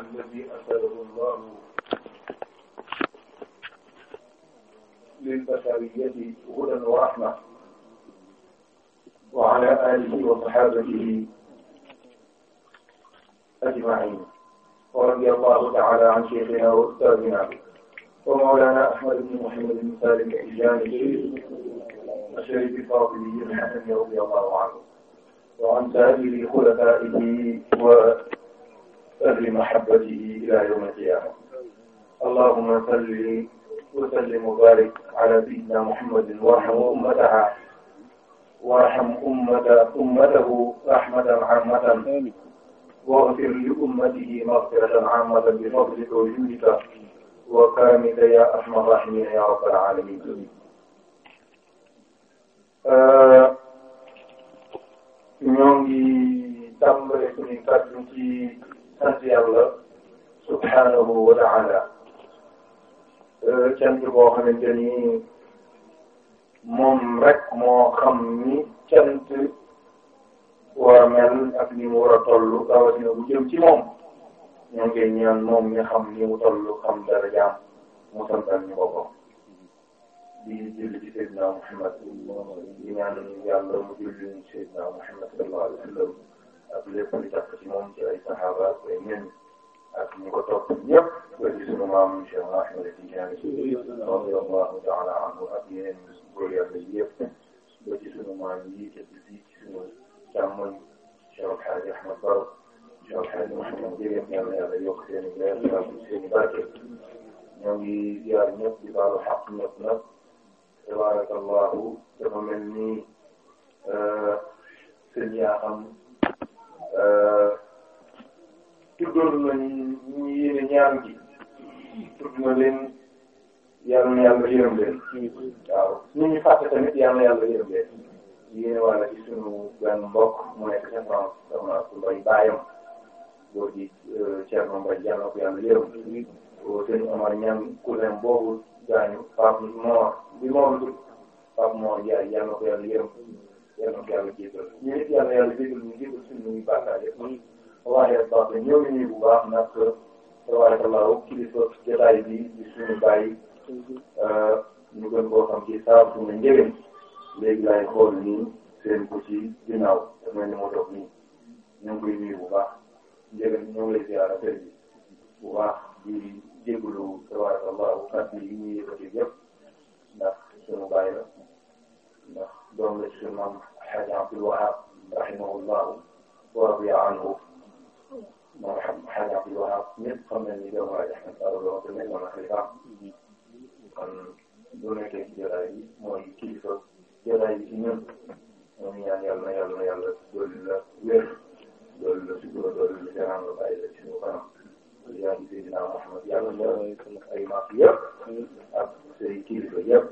الذي أثره الله للبشرية هدى ورحمة وعلى آله وصحابته أجمعين ورضي الله تعالى عن شيخنا وأستاذنا ومولانا أحمد بن محمد بن سالم الحجاني الشريف الفاضلي الحسن رضي الله عنه وعن سائر خلفائه و أهل محبته إلى يوم القيامة اللهم صل وسلم وبارك على سيدنا محمد وارحم أمتها وارحم أمة أمته رحمة عامة واغفر لأمته مغفرة عامة بفضلك وجودك وكرمك يا أرحم الراحمين يا رب العالمين ñoo ngi tàmbale suñu kàddu ci sant yàlla subhanahu wa taala cant boo xamante ni moom rek moo xam ni cant war mel ak ni mu war a toll rawatina bu jëm ci moom ñoo ngi ñaan moom ñu xam ni mu toll xam dara jaam mu santal ñu boppam di julli ci Seydina Muhammad di ñaan yàlla mu julli ci Seydina Muhammad sallallahu alayhi wa sallam ak lépp lu jàpp ci moom ci ay saxaaba ak ay ñoñ ak ñi ko topp ñëpp ba ci sunu maam Cheikh Ahmed Tidiane radiyallahu ta'ala anhu ak yeneen góor yàlla yëpp ba ci sunu maam yi tëdd fii ci sunu càmmoñ Cheikh El Hadj Ahmed Baro Cheikh El Hadj Mouhamed Ndiéguène yàlla yàlla yokk seen i leer seen i barke ñoo ngi ziar ñëpp di baalu xaq ñëpp nag tabaarakallahu dafa mel ni seen yaa xam Euh, tuddoon nañ ñu yéene ñaan gi tudd na leen yàlla na yàlla yërëm leen waaw ñu ñu fàtte tamit yàlla na yàlla yërëm leen yéene wàlla ci sunu benn mbokk mu nekk ca France sama mbay baayam boo di euh, Thierno Mbaye yàlla ko yàlla yërëm sëñ Omar ñaan cousin boobu gaañu Pape Mor bi Mor Pape Mor Ndiaye yàlla ko yàlla yërëm yal na ko yàlla jégal ñu nit yàlla yàlla jégal ñu jégal suñu bàkkaar yëpp waaye baax na ñëw nañu bu baax nag tabarakallahu kilifa jotaay bi di suñu bàyyi ñu gën koo xam ci saa suñu njëriñ léegi laay xool nii seen ko ci ginnaaw daf mel ni moo toog nii ñu ngi koy nuyu bu baax njëriñ ñoo ngi lay ziara kër gi bu baax di jégalu tabarakallahu kàddu yi ñuy yëkkati yëpp ndax suñu bàyyi la ndax doom la ci suñu maam Alxaaji Abdul Wahaab rahimahullahu wa radiya anhu moom Alxaaji Abdul Wahaab ñëpp xam nañ ni doomu Alaaji Ahmed Awa Lo te nekkoon na xalifaam kon bu nekkee ci jëlaay bi mooy kilifa jëlaay bi ci ñun moom ñaan yàlla na yàlla na yàlla dolli la wér dolli la sutura dolli la jaraam la bàyyi la ci suñu kanam yaa ngi Seydina Muhammad yàlla na ay maas yëpp ak say kilifa yëpp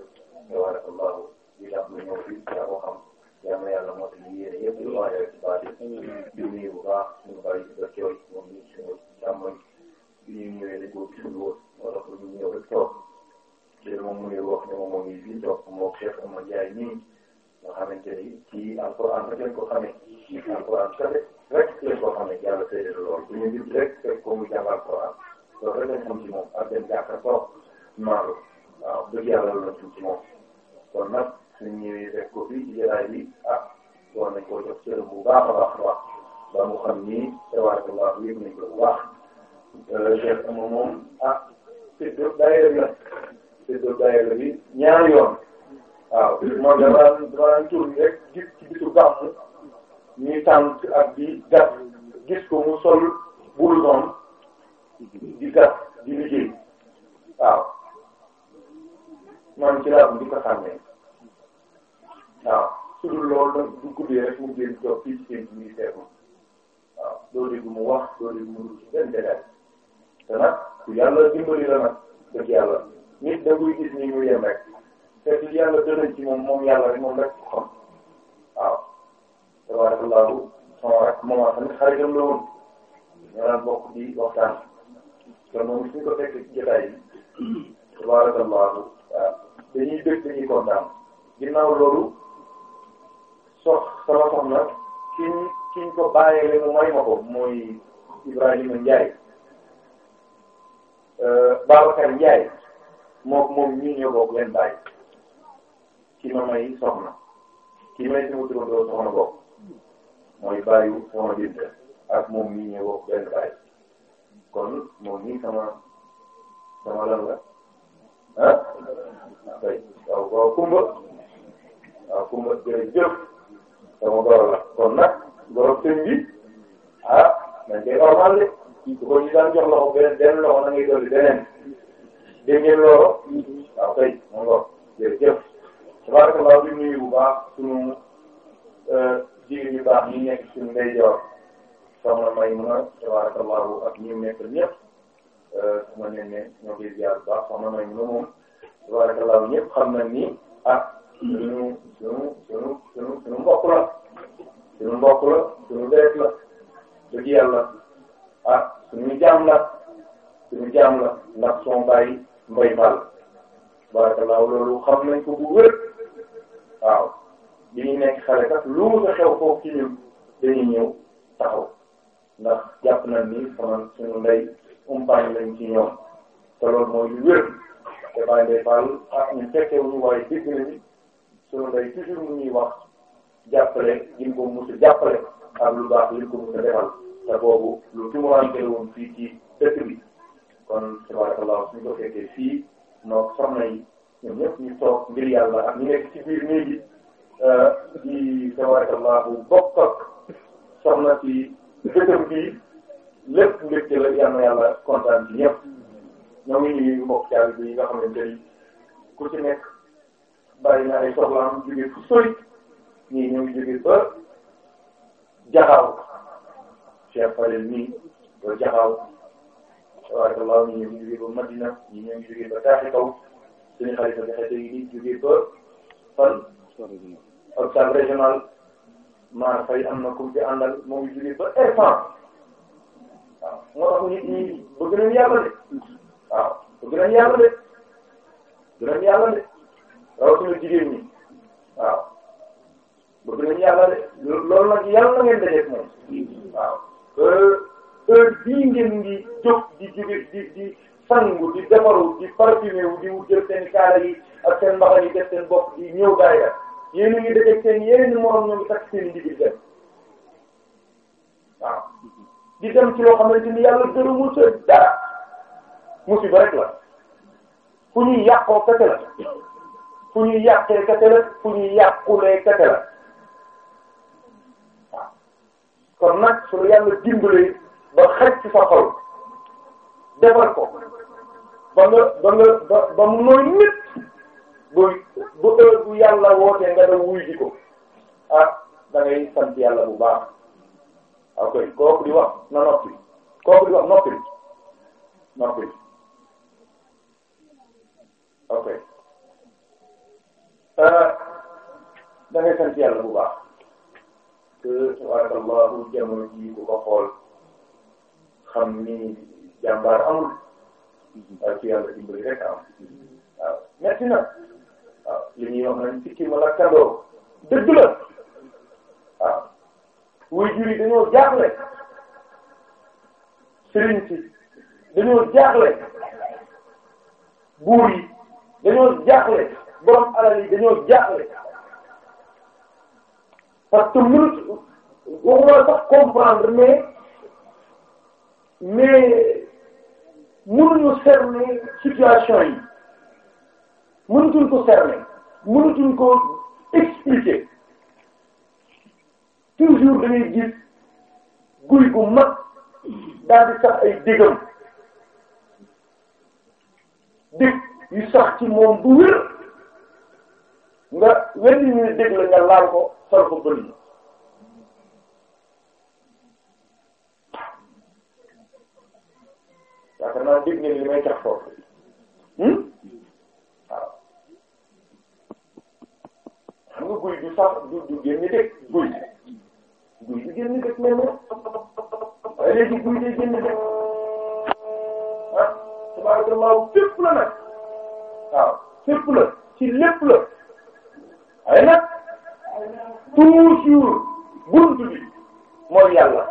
tabarakallahu bokk ak soxna si jëkkër bi lépp mbégte la yal na yàlla kontaan ci ñëpp ñoo ngi nuyu mbokk caal bi nga xamante ni ku ci nekk bàyyi na ay soxlaam jóge fu sori ñii ñoo ngi jóge ba jaxaaw Cheikh Fadel nii ba jaxaaw tabarakallahu ñii ñoo ngi Madina ñii ñoo ngi jóge ba taaxi kaw suñu xalifa bi xete yi nii jóge ba fan hôpital régional maanaam fay am na kum ci àndal moo ngi jugee ba instant waaw moo tax nit ñi bëgg nañu yàlla de waaw bëgg nañu yàlla de bëgg nañu yàlla de rawatina jigéen ñi waaw bëgg nañu yàlla de loolu nag yàlla na ngeen dajeeg moom waaw heure bii ngeen di jóg di jugee di di sangu di defaru di parfumé di wut seen kaala yi ak seen mbaxal yi def seen bopp di ñëw gaay yéen a ngi dëgg seen yeneen ñu moroom ñoom takk seen dem di dem ci loo xamante ni yàlla gërëmul sa dara musiba rek la fu ñuy yàqoo kese la fu ñuy yàqee kese la fu ñuy yàqulee kese la waaw su yàlla dimbalee ba xaj ci sa xol defal ko ba nga ba nga ba mu nooy nit bu bu heure bu yàlla wootee nga dem wuy ji ko ah da ngay sant yàlla bu baax ok kooku di wax na noppi kooku di wax noppi noppi ok ah, da ngay sant yàlla bu baax que tabarakallahu jamono ji ku ko xool xam ni jàmbaar amul mm-hmm. ci yàlla dimbali rek am waaw merci na waaw li ñuy wax nag sikki wala kandoo dëgg la waaw wuy jur yi dañoo jaaxle sëriñ si dañoo jaaxle buur yi dañoo jaaxle borom alal yi dañoo jaaxle parce que mënut waxuma sax comprendre mais mais mënuñu cerner situation yi mënatuñ ko cerner mënatuñ ko expliquer toujours da gis guy gu daal di sax ay dégam dég yu sax ci moom bu wér nga wenn ñu dég la nga laal ko sol ko bëri yaakaar naa dégg ngeen li may tax foofu xam guy du sax du du génn guy guy du génn dëkk mel na waaye léegi guy day génn dëkk ah tabarakallahu fépp la nag waaw fépp la ci lépp la waaye nag toujours buntu bi mooy yàlla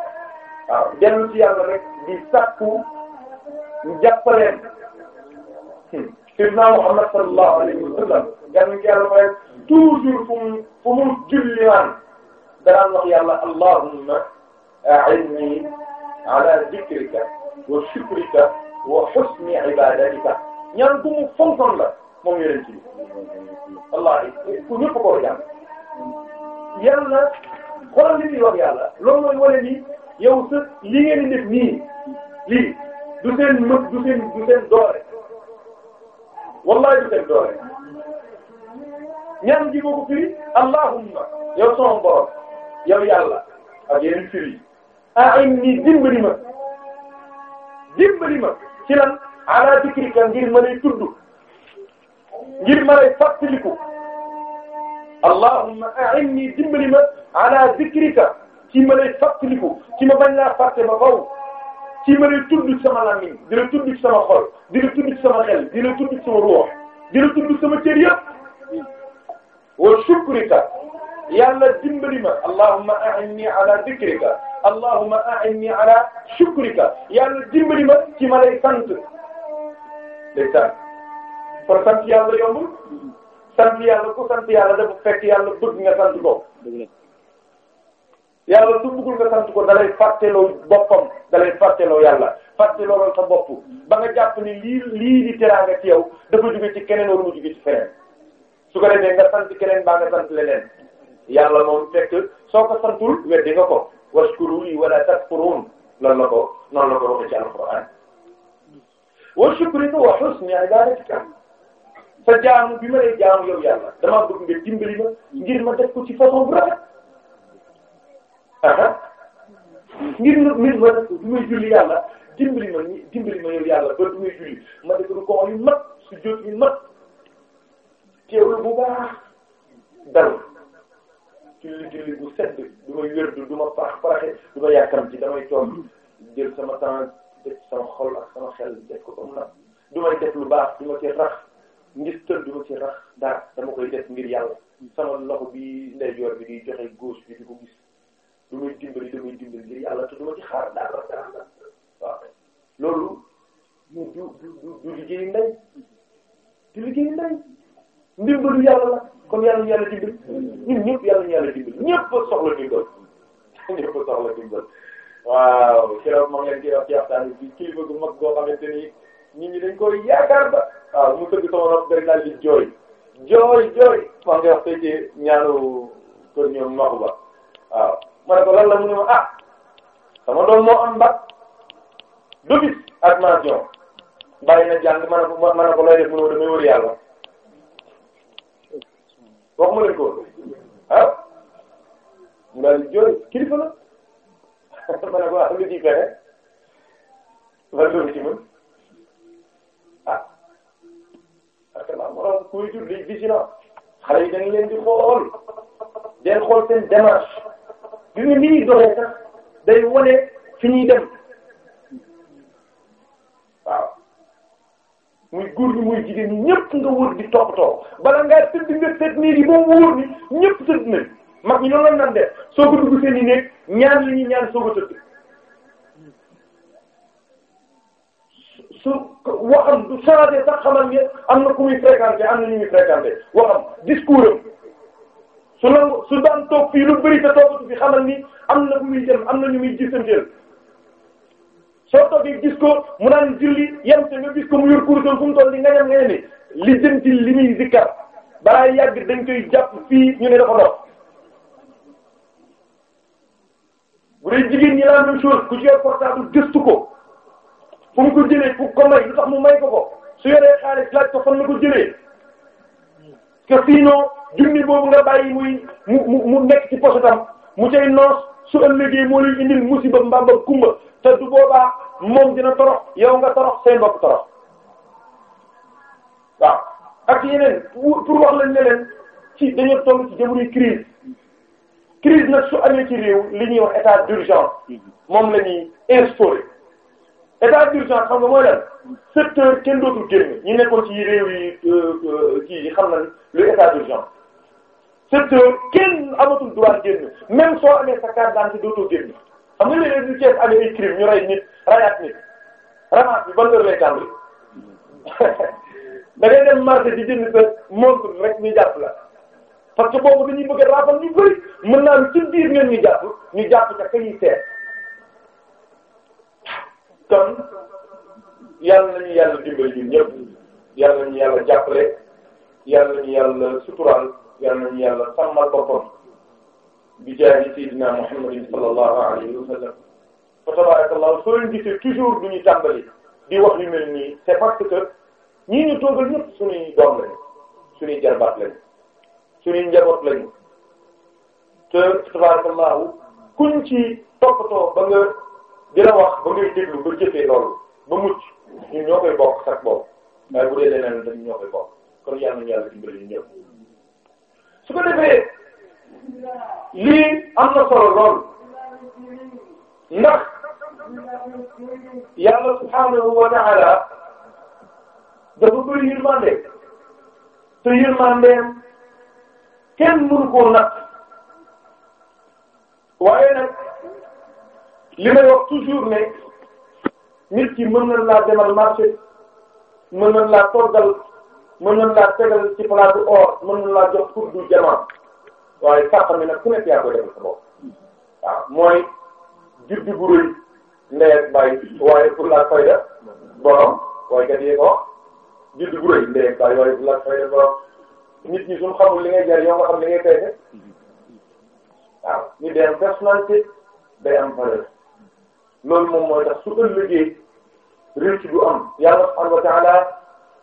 waaw dellu ci yàlla rek di sakku ñu jàppaleen. Hmm. Sayyidina Muhammad sallallahu alayhi wa sallam yàlla toujours fu mu fu mu wax yàlla allahumma a'inni ala dhikrika wa shukrika wa husni ibadatika ñaan bu mu fonkoon la moom yore ci wallahi ku ñëpp koo jàng yàlla xoolal li ñuy wax yàlla loolu mooy wane ni yow sa li ngeen di def nii ñaan gi moo ko firi allahumma yow sama borom yow yàlla ak yeneen firi a'inni dimbali ma dimbali ma ci lan ala dikrika ngir ma lay tudd ngir ma lay fàttaliku allahumma a'inni dimbali ma ala dikrika ci ma lay fàttaliku ci ma bañ laa fàtte ba faw ci ma lay tudd sama làmmiñ di la tudd sama xol di la tudd sama xel di la tudd sama ruux di la tudd sama cër yëpp wa shukrika yàlla dimbali ma allahumma a'inni ala dhikrika allahumma a'inni ala shukrika yàlla dimbali ma ci ma lay sant day sant kon sant yàlla yombul sant yàlla ku sant yàlla dafa fekk yàlla bëgg nga sant ko yàlla su bëggul nga sant ko da lay fàtteloo boppam da lay fàtteloo yàlla fàtteloo sa bopp ba nga jàpp ni lii lii di teraanga ci yow dafa jóge ci keneen wala mu jóge ci su ko defee nga sant keneen baa nga sant leneen yàlla moom fekk soo ko santul weddi nga ko washkuru li wala takfurun loolu la ko noonu la ko waxee ci alquran wa shukrika wa husni ibadatika sa jaamu bi ma lay jaamu yow yàlla damaa bëgg nga dimbali ma ngir ma def ko ci façon bu rafet aha ngir ma ngir ma def ko du may julli yàlla dimbali ma dimbali ma yow yàlla ba du may julli ma def ko yu mat su jot yu mat teewul bu baax dal julli julli bu sedd du ma wérdu du ma parax paraxe du ma yàkkam ci damay toog jël sama temps def sama xol ak sama xel def ko comme nag du may def lu baax du ma ci rax ngir tël du ma ci rax dara dama koy def ngir yàlla sama loxo bi ndeyjoor bi di joxe gauche bi di ko gis du may dimbali damay dimbali ngir yàlla te du ma ci xaar dara dara waaw loolu du du du liggéey ndey du liggéey ndey ndimbalu yàlla la kon yàlla ñu yàlla dimbali ñun ñëpp yàlla ñu yàlla dimbali ñëpp soxla dimbal ñëpp soxla dimbal waaw keroog moom leen ci wax ci waxtaan bi kilifa gu mag boo xamante ni nit ñi dañ koy yaakaar ba waaw mu tëgg sama nopp rek daal di jooy jooy jooy maa ngi wax tey ci ñaanu kër ñoom waaw ma ne la mu ne ma ah sama doom moo am bac dubis ak mention bàyyi na jàng ma ne ko ma ne ko looy def mu ne ma damay wër waxuma leen ko ah mu daal di jooy kilifa la ma ne ko ah lu ci fexe wala loolu ci mën ah parce que maa ma doon kuy jur lii gis naa xale yi dañ leen di xool day xool seen démarche bi nga dem. muy góor ñi muy jigéen ñi ñëpp nga wër di toppatoo bala ngaa tëdd nga tëdd nii di ba wóor ni ñëpp tëdd nañ mag ñi noonu la nan def soo ko dugg seen i néeg ñaan li ñuy ñaan soo ko tëdd su waxam du changé sax xamal ni am na ku muy fréquenté am na ñu muy fréquenté waxam discours su la su daan toog fii lu bëri te toogatu fi xamal ni am na ku muy jëm am na ñu muy soo toogee gis mu naan julli yem te nga gis ko mu yor kurusam fu mu toll di nga ñam nga ne li jëm li muy zikkar balaa yàgg dañ koy jàpp fii ñu ne dafa dox. bu dee jigéen ñi la même chose ku ci yor portable gëstu ko fu mu ko jëlee fu ko may lu tax mu may ko ko su yoree xaalis laaj ko fan la ko jëlee que sinon junni boobu nga bàyyi muy mu mu mu nekk ci poche tam mu cay noos su ëllëgee moo lay indil musiba mbamba kumba te du boobaa moom dina torox yow nga torox seen bopp torox waaw ak yeneen pour wax lañ ne leen ci dañoo toll ci jamonoy crise crise nag su amee ci réew li ñuy wax état d'urgence moom la ñuy instauré état d'urgence xam nga mooy lan sept heures kenn dootul génn ñu nekkoon ci réew yi euh, euh, kii xam na lu état d'urgence sept heures kenn amatul droit génn même soo amee sa carte d'identité dootoo génn xam nga léeg-léeg ñu Cees amee ay crime ñu nit rayaat nit ramas bi ban heure lay di jënd sa rek ñu jàpp la parce que boobu dañuy bëgg a raafal ñu bëri mën naa am ci biir ngeen ñu jàpp ñu jàpp ca kañuy seet kon yàlla nañu yàlla dimbali ñun ñëpp yàlla nañu yàlla jàppale yàlla nañu yàlla suturaal yàlla nañu yàlla sàmmal boppam bi jaahi sayyidina Muhammadin sallallahu alayhi wa sallam fa tabarakallah soo leen gisee du ñu tàmbali di wax yu mel nii c'est parce que ñii ñu toogal ñëpp suñuy doom lañu suñuy jarbaat lañu suñuy njaboot lañu te tabarakallahu kuñ ci toppatoo ba nga dina wax ba ngay déglu ba jëfee loolu ba mucc ñun ñoo koy bokk sax boobu waaye bu dee leneen dañ ñoo koy bokk kon yàlla na yàlla dimbali ñu ñëpp su ko defee. lii am na solo lool ndax yàlla subhaanahu ta'ala dafa bëri yërmande te yërmandeem kenn mënu koo nag waaye nag li may wax toujours ne nit ki mën na laa demal marché mën na laa toggal mën na laa tegal ci palaatu or mën na laa jox pour du waaye saafara mi nag ku nekk yaa koy defal sa bopp waaw mooy juddi bu rëy ndey waaye pour la fayda borom waaye kat yee ko juddi bu rëy ndey waaye pour la fayda borom nit ñi suñu xamul li ngay jar yow nga li ngay peese waaw ñu day am personnalité day am valeur loolu moom mooy tax su ëllëgee réussite du am yàlla subhanahu ta'ala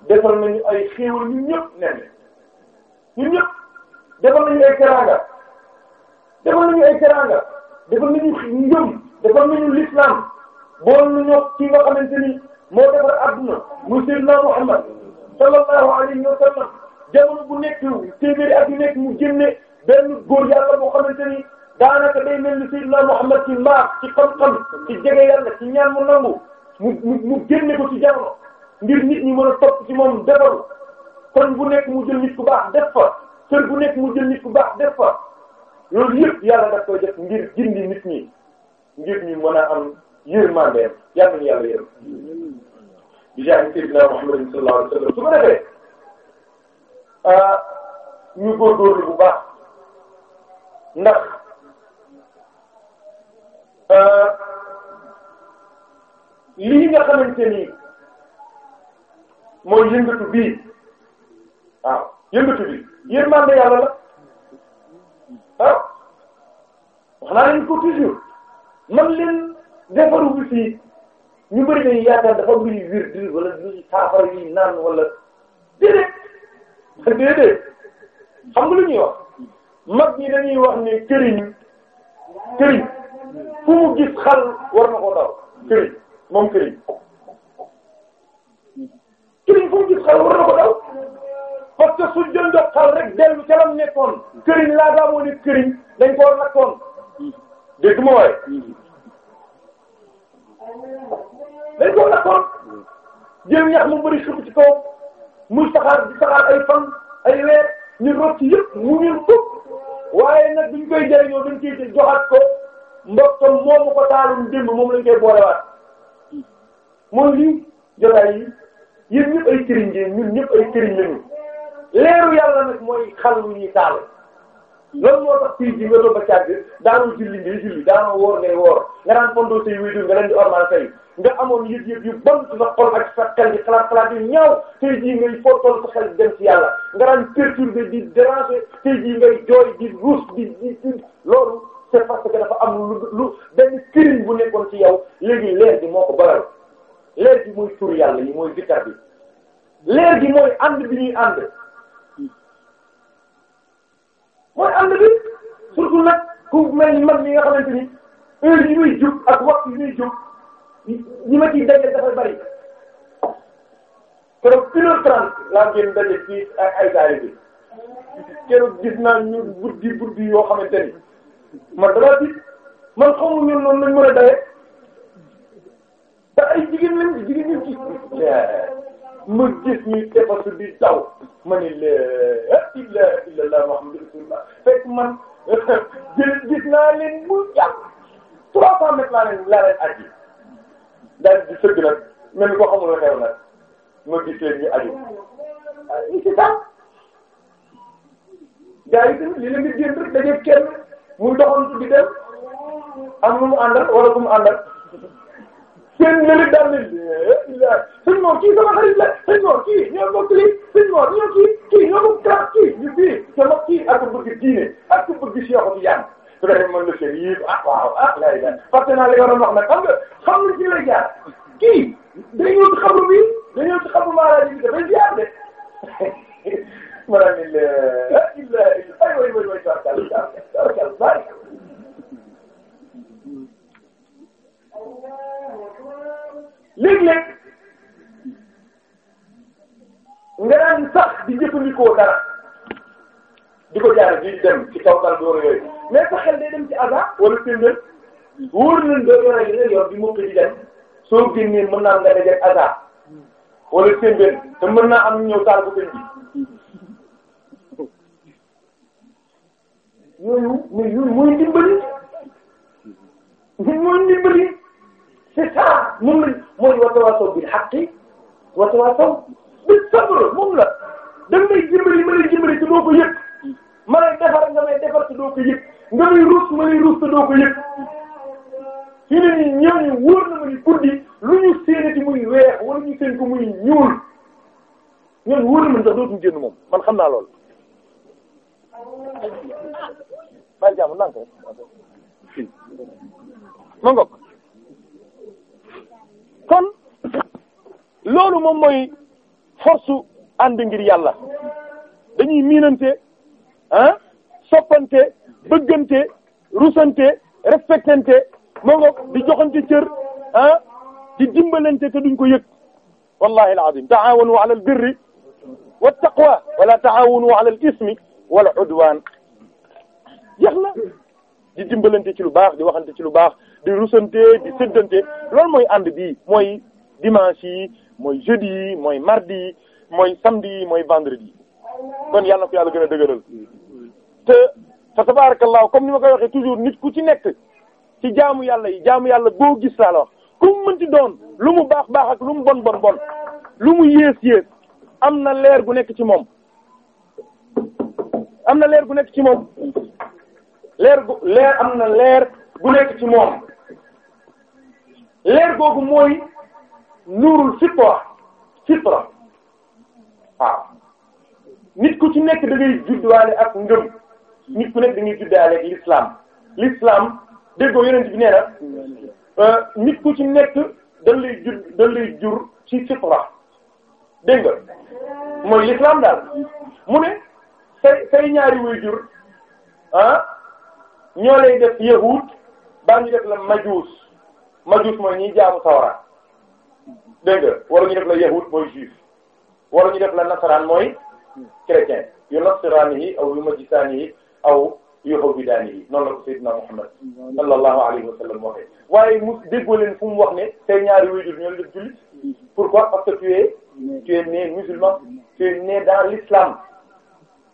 defal nañu ay xéewal ñun ñëpp nen ñun ñëpp. defal nañu ay teranga defal nañu ay teranga defal nañu njëm defal nañu l'islam bool nu ñoo ci nga xamante ni moo defar mu sayyidna Muhammad sallallahu alayhi wa sallam jamono bu nekk téeméeri at yu nekk mu génne benn góor yàlla boo xamante ni daanaka day mel ni sayyidna Muhammad ci mbaax ci xam-xam ci jege ñaan mu nangu mu mu mu ko ci jamono ngir nit ñi mën a topp moom defaru kon bu nekk mu jël nit baax def kër gu nekk mu jël nit ku baax def fa loolu yëpp yàlla daf koy def ngir gindi nit ñi ngir ñu mën a am yërmandeem yàlla na yàlla yërëm. di jaay Seydina Muhammad sallallahu alayhi wasallam su ko defee ah, ñu góorgóorlu bu baax ndax ah, lii nga xamante ni mooy yëngatu bii waaw yëngatu bi. yërmande yàlla la ah wax naa leen ko man leen defaru bi fii ñu bëri nañu yaakaar dafa mbiri virgule wala ñu naan wala déedéet déedéet xam nga lu ñuy wax mag ñi dañuy wax ne këriñ këriñ fu mu war na ko daw këriñ moom këriñ këriñ fu mu gis war na ko daw parce que suñ jël ndoxal rek dellu ca mu nekkoon këriñ laa daa moo ne këriñ dañ koo lakkoon dégg ma waaye dañ koo lakkoon jël ñax mu bëri suuf ci kaw muy saxaar di saxaar ay fan ay weer ñu mu ñun fukk waaye nag duñ koy jëriñoo dañ koy ci joxaat ko mbokkam moomu ko taalum démb moom lañ koy boolewaat mooy lii jotaay yi yéen ñëpp ay këriñ ngeen ñun ñëpp ay këriñ lañu leeru yàlla nag mooy xal wu ñuy taal loolu moo tax fii ji nga doon ba càgg daanoo julli ngay julli daanoo woor nga daan fondoo say wéy nga leen di ormal say nga amoon yëg-yëg yu bon ci sa xol ak sa xel di xalaat xalaat yu ñaaw tey jii ngay fottal sa xel dem ci yàlla nga daan perturbé di déranger tey jii ngay jooy di ruus di di di loolu c'est parce que dafa am lu lu benn këriñ bu nekkoon ci yow léegi leer gi moo ko baral leer gi mooy tur yàlla yi mooy zikar bi leer gi mooy ànd bi ñuy mooy ànd bi surtout nag ku mel man mi nga xamante ni heure yi muy jóg ak waxtu yi muy jóg ñi ma ciy daje dafay bari keroog une heure trente laa génn daje ci ay ay taali bi keroog gis naa ñu buddi buddi yoo xamante ni man damaa gis man xamu noonu lañ mën a daje te ay jigéen lañ jigéen ñi ci. ma gis ñuy defatu di daw ma ne la ilaha illallah muhammadu rasulullah fekk man gis naa leen bu yàgg trois cent mètres laa leen laa leen aji daal di sëgg nag mel ni ko xamul la xew nag ma gis leen ñu aji i si ta gars yi tamit li leen di génn rek dajeeg kenn muy doxantu di dem am lu mu àndal wala ku mu àndal seen yële daal ne sëñ Mor kii sama xarit la sëñ Mor kii ñoo bokk lii sëñ Mor ñoo kii kii ñoo bokk kalaat kii ñu kii sama kii ak bëgg diine ak bëgg Cheikh Tidiane su ko defee mën na seet yii ah waaw ah lay la parce que naa li nga doon wax nag xam nga xam nga ci la jaar kii dañoo xamul bi dañoo xamul maanaam li ñu dafay jaar de maanaam il est il est aywa aywa aywa léeg-léeg nga sax di jëfandikoo dara di ko jaaree di dem ci kaw door yooyu mais sa xel day dem ci àgga wala téeméer wóor nañ doo yore li nga yor di mokk di dem soo génnee mën naa nga dajeeg àgga wala téeméer te mën naa am ñëw taal ko seen ji. yooyu mais yooyu mooy ndimbali mooy ndimbali. c'est ça moom lañ mooy watawaasaw bil haqqi watawaasaw bis sabr moom la da nga may jëmbali ma lay jëmbali te defar nga may defar te doo nga may ruus ma lay ruus te doo ko yëg na ma ni guddi lu ñu séenati muy weex wala ñu seen ko muy ñuul na ma ni sax dootuñu moom man xam naa lool. maa ngi jàmm ndànk rek. ma kon loolu moom mooy force ànd ngir yàlla dañuy miinante ah soppante bëggante rusante respectante moo di joxante cër ah di dimbalante te duñ ko yëg wallahi alazim taawanu ala albirri wattaqwa wala taawanu ala alismi wal udwan jeex na di dimbalante ci lu baax di waxante ci lu baax di rusante di séddante loolu mooy ànd bi mooy dimanche yi mooy jeudi yi mooy mardi yi mooy samedi yi mooy vendredi yi yàlla na ko yàlla gën a dëgëral te fa tabarakallah comme ni ma koy waxee toujours nit ku ci nekk ci jaamu yàlla yi jaamu yàlla boo gis laa la wax ku mu mënti doon lu mu baax baax ak lu mu bon bon bon lu mu yées yées am na leer gu nekk ci moom am na leer gu nekk ci moom leer gu leer am na leer gu nekk ci moom leer googu mooy nuurul fitra fitra waaw nit ku ci nekk da ngay ak ngëm nit ku nekk da ngay juddaale ak l'islam l'islam déggoo yonent bi nee euh, nit ku ci nekk dañ lay jur jur ci fitra dégg mooy l'islam daal mu ne say say ñaari way jur ah, ñoo lay def yahud baa ñu def la majuus majus mooy ñiy jaamu sawara dégg nga wala ñu def la yahud mooy juif wala ñu def la nasaraan mooy chrétien yu nasraanihi aw yu majusaanihi aw yu hawidaanihi noonu la ko sayyidina Muhammad sallallahu alayhi wa sallam waxee waaye mu déggoo leen fu mu wax ne say ñaari waajur ñoo def jullit pourquoi parce que tu es tu musulman tu es né dans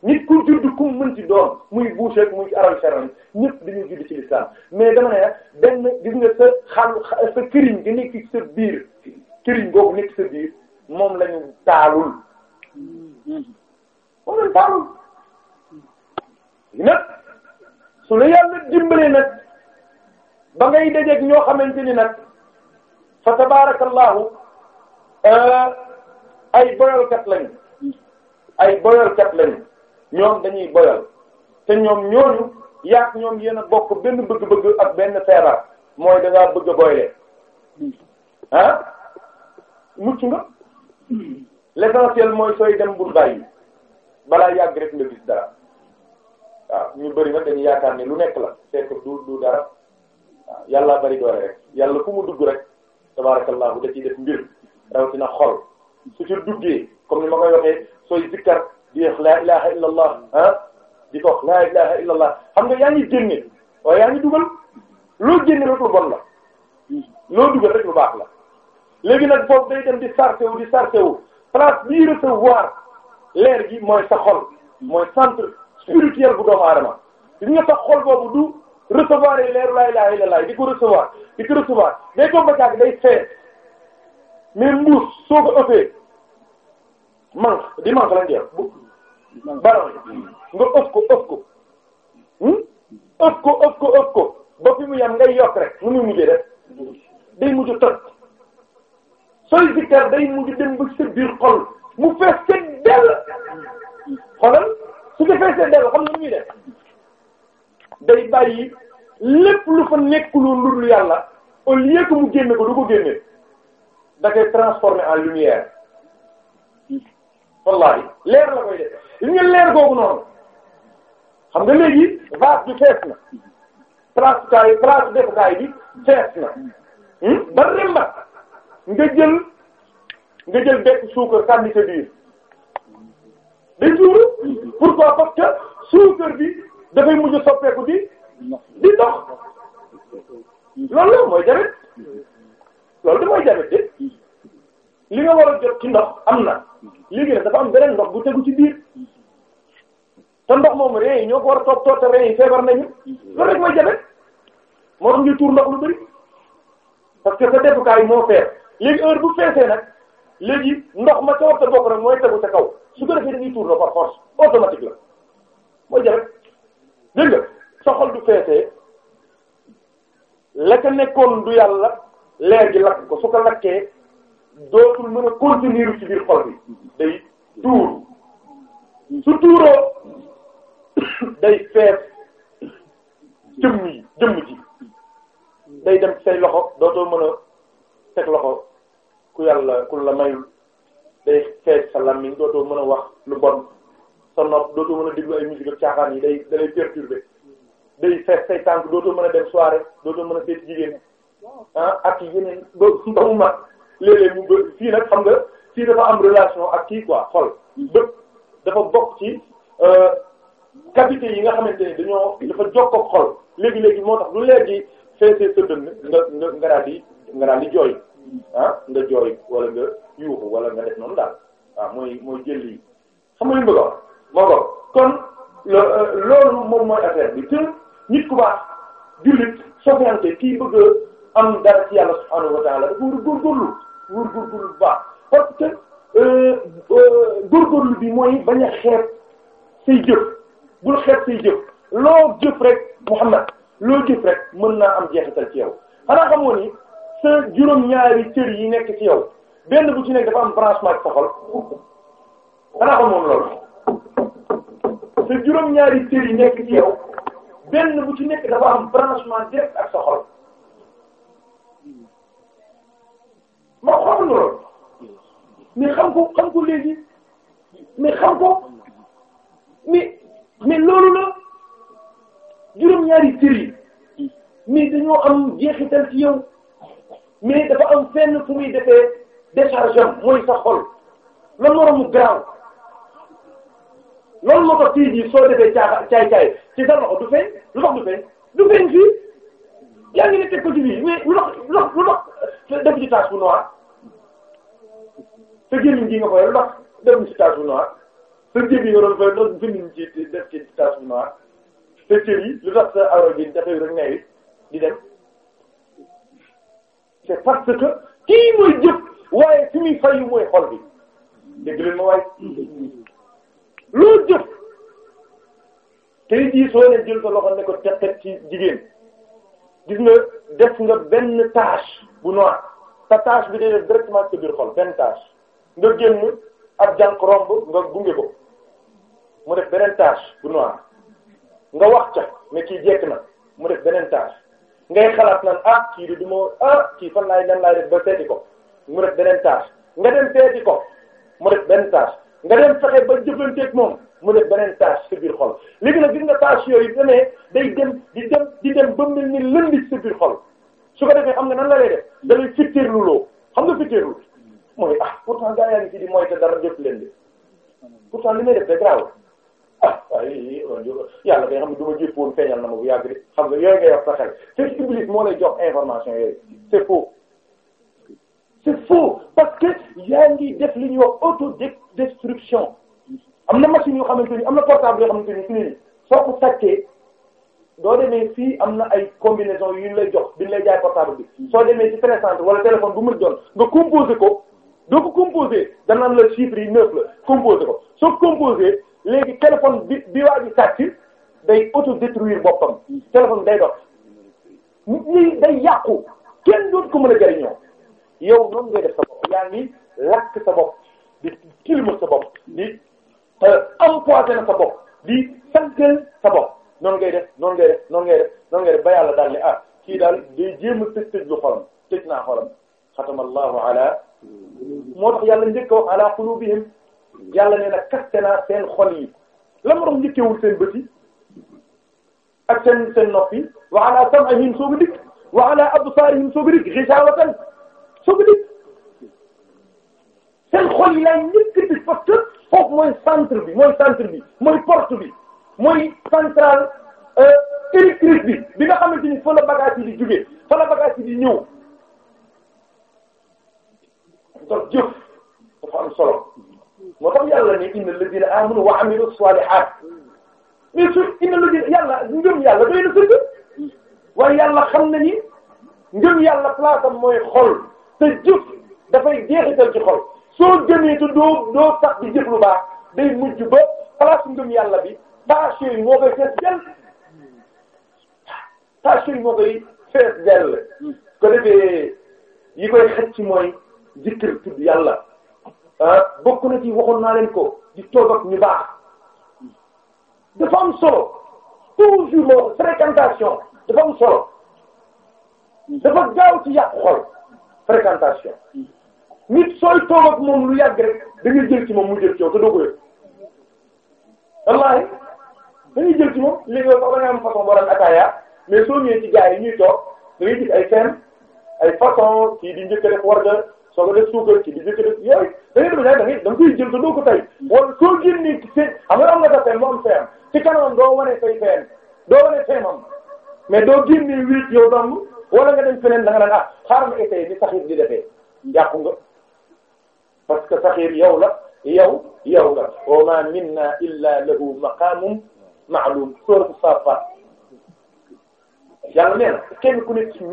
nit ku judd ku mën ci doon muy boucher muy arabe charon ñëpp dañuy judd ci l'islam mais dama ne benn gis nga sa xal sa këriñ gi nekk ci sa biir këriñ boobu nekk sa biir moom la taalul moom la ñu taalul nag su la yàlla dimbalee nag ba ngay dajeeg ñoo xamante ni nag fa tabarakallahu euh, ay boyalkat lañu ay boyalkat lañu ñoom dañuy boyal te ñoom ñooñu yaak ñoom yéen a bokk benn bëgg-bëgg ak benn feebar mooy da ngaa bëgg a boyle ah mucc nga l'essentiel mooy sooy dem bul bàyyi balaa yàgg rek nga gis dara waaw ñu bëri nag dañuy yaakaar ne lu nekk la c'est que du du dara waaw yàlla bari doole rek yàlla fu mu dugg rek tabarakallahu da ci def mbir rawatina xol su ci duggee comme ni ma koy waxee sooy zikkar di wax laa ilaha illa allah ah, di ko wax laa ilaha illa allah xam nga yaa ngi génne waaye yaa ngi dugal loo génne rek lu dugal rek baax la léegi nag boobu day dem di sarté wu di sarté wu place bii recevoir leer gi mooy sa xol mooy centre spirituel bu doomu aadama di nga sa xol boobu du recevoir leeru laa ilaha illa allah di ko recevoir di ko recevoir day ko ba day fee mais mbuus soo ko ëppee man dimanche lañ jeex bu ballon nga ëpp ko ëpp ko hmm? ëpp ko ëpp ko ëpp ko ba fi mu yem ngay yokk rek nu muy mujjee def day mujj toj sooy zikar day mujj dem ba sa biir xol mu fees sa dell xolal su dee fees sa dell xam nu muy def day bàyyi lépp lu fa nekkuloon lu yàlla au lieu mu génne ko du ko génne da koy transformer en lumière. wallahi leer la koy def li nga leer googu noonu xam nga léegi vase bi fees na place kaay place defukaay bi fees na hmm? ba rimbat nga jël nga jël bekk suukar sànni sa biir day suuru pourquoi parce que suukar bi dafay mujj soppeeku di di dox loolu la mooy jabet loolu da mooy jabet di li nga war a jot ci ndox am na léegi nag dafa am beneen ndox bu tegu ci biir te ndox moom reen yi ñoo ko war a toog toog te reen yi feebar nañu loolu rek mooy jafe moo tax ñuy tuur ndox lu bari parce que sa defukaay moo fees léegi heure bu feesee nag léegi ndox ma ca war a mooy tegu ca kaw su ko defee dañuy tuur ndox par force automatique la mooy jafe dégg nga sa du feesee la ca nekkoon du yàlla leer gi lakk ko su ko lakkee. dootul mën a contenir ci biir xol bi day tuur su tuuroo day fees jëmm jëmm ji day dem say loxo dootoo mën a teg loxo ku yàlla ku la mayul day fees sa làmmiñ dootoo mën a wax lu bon sa nopp dootoo mën a déglu ay musique ak caaxaan yi day dalay perturber day fees say tànk dootoo mën a dem soirée dootoo mën a seet jigéen ah, ak yeneen ba ba mu léeg-léeg mu bë fii nag xam nga fii dafa am relation ak kii quoi xol bët dafa bokk ci euh, capités yi nga xamante ne dañoo dafa jokkoo ak xol léegi léegi moo tax du léegi feesee sa dënn nga nga nga daal di nga daal di jooy ah nga jooy wala nga yuuxu wala nga def noonu daal waaw ah, mooy mooy jël yi xam nga li mu a moo ko kon euh, loolu moom mooy affaire bi te nit ku baax jullit soxante kii bëgg am dara ci yàlla subhaanahu wa dafa war a góorgóorlu góorgóorlu bu baax parce que euh, euh, góorgóorlu bi mooy bañ a xeeb say jëf bul xeeb say jëf loo jëf rek Muhammad loo jëf rek mën na am jeexital ci yow xanaa xamoo ni sa ñaari cër yi nekk ci yow benn bu ci nekk dafa am branchement ci sa xol xanaa xamoon loolu sa juróom-ñaari cër yi nekk ci yow benn bu ci nekk dafa am branchement direct ak sa xol. xam nga loolu mais xam ko xam ko léegi mais xam ko mais mais loolu la juróom-ñaari cër mais dañoo am jeexital ci mais dafa am fenn fu muy defee décharge am mooy sa xol la moromu garaaw loolu moo tax fii bii soo defee caa caay caay ci sa loxo du feeñ lu tax du feeñ du feeñ fii yaa ngi ne teg ko ci mais lu tax lu tax def ci tache bu noire sa gémmiñ gi nga fayal ndax dem ci tache bu noir sa jëb yi nga doon fayal ndax gémmiñ ci def ci tache bu noir sa cër yi lu tax sa awra dafay rek ngay di dem c'est parce que kii mooy jëf waaye fi muy fayu mooy xol bi dégg leen waaye loo jëf tey jii soo ne jël sa loxo ne ko teqet ci jigéen gis nga def nga benn tache bu noir ta tache bi day directement ci biir xol benn tache nga génn ab jànq romb nga gunge ko mu def beneen tâche bu noir nga wax ca mais kii jekk na mu def beneen tâche ngay xalaat nan ah kii di du ma ah kii fan laay nan laay def ba seeti ko mu def beneen tâche nga dem seeti ko mu def beneen tâche nga dem fexe ba jëflanteeg moom mu def beneen tâche ci xol léegi nag gis nga tâche yooyu demee day dem di dem di dem ba mel ni lënd ci biir xol su ko defee xam nga nan la lay def da lay fittirlu loo xam nga fittirlu mooy ah pourtant gars yaa ngi ci di mooy te dara jot leen de pourtant li may def de grave ah waaye yàlla day xam ne du ma jëpp woon feeñal na ma bu yàgg de xam nga yooyu ngay wax sa xel c'est Iblis moo lay jox information yooyu c'est faux c'est faux parce que yaa ngi def li ñuy wax autodestruction am na machine yoo xamante ni am na portable yoo xamante ni fi ne nii soo ko sàccee doo demee fii am na ay combinaison yu la lay jox bi ñu lay portable bi soo demee ci télécentre wala téléphone bu mu doo ko composé danaan la chiffre yi neuf la composé ko soo composé léegi téléphone bi bi waa ji sàcc day autodétruire boppam téléphone day dox nit ñi day yàqu kenn doot ko mën a jariñoo yow noonu ngay def sa bopp yaa ngi sa bop di tilma sa bopp di empoisonné na sa bopp di euh, sànqal sa bopp noonu ngay def noonu ngay def noonu ngay def noonu ngay daal ne ah kii daal day jéem tëj tëj lu xolam tëj naa xolam xatamallahu ala moo tax yàlla njëkk a wax ala na kaste naa seen xol yi la ma doon njëkkewul seen bët ak seen seen nopp yi wa ala sam'ihim soo ko dikk wa ala absaarihim soo ko dikk ghishawatan soo ko dikk seen xol mooy centre bi mooy centre bi mooy porte bi mooy centrale euh, électrique bi bi nga xamante ni fa sol jëf dafa am solo moo tax yàlla ne innal ladina amanu wa amilu salihat mais su innal ladina yàlla ngëm yàlla doy na sëkk waaye yàlla xam na ni ngëm yàlla place mooy xol te jëf dafay jeexital ci xol soo gëmee te doo doo sax di jëf lu baax day mujj ba place yàlla bi tâche moo koy fees dell tâche moo koy fees dell ko defee yi koy xëcc mooy. jikkër tudd yàlla ah, bokk na ci waxoon naa leen ko di toog ak ñu baax dafa am solo toujours moo fréquentation dafa am solo dafa gaaw ci yàqu xol fréquentation nit sooy toog ak moom lu yàgg rek da jël ci moom mu jël ci yow te doo ko yëg jël ci moom léegi nga ko nga am façon boo daan ataaya mais soo ñëwee ci gars yi ñuy toog da ngay gis ay fenn ay façon di njëkk a def war soo ko def suukar ci li def yooyu da def da ngay da nga koy jël te doo ko tay wala soo génnee ci seen xam nga am nga sa fen mu am fen doo wane say fen doo wane fenam mais doo génnee wéet yow dong wala nga dem feneen da nga naan ah xaaral ni saxiir di defee jàpp parce que saxiir yow la yow yow la wa ma minna illa lahu maqamun ma'lum sourate Saffat yàlla nee kenn ku nekk ci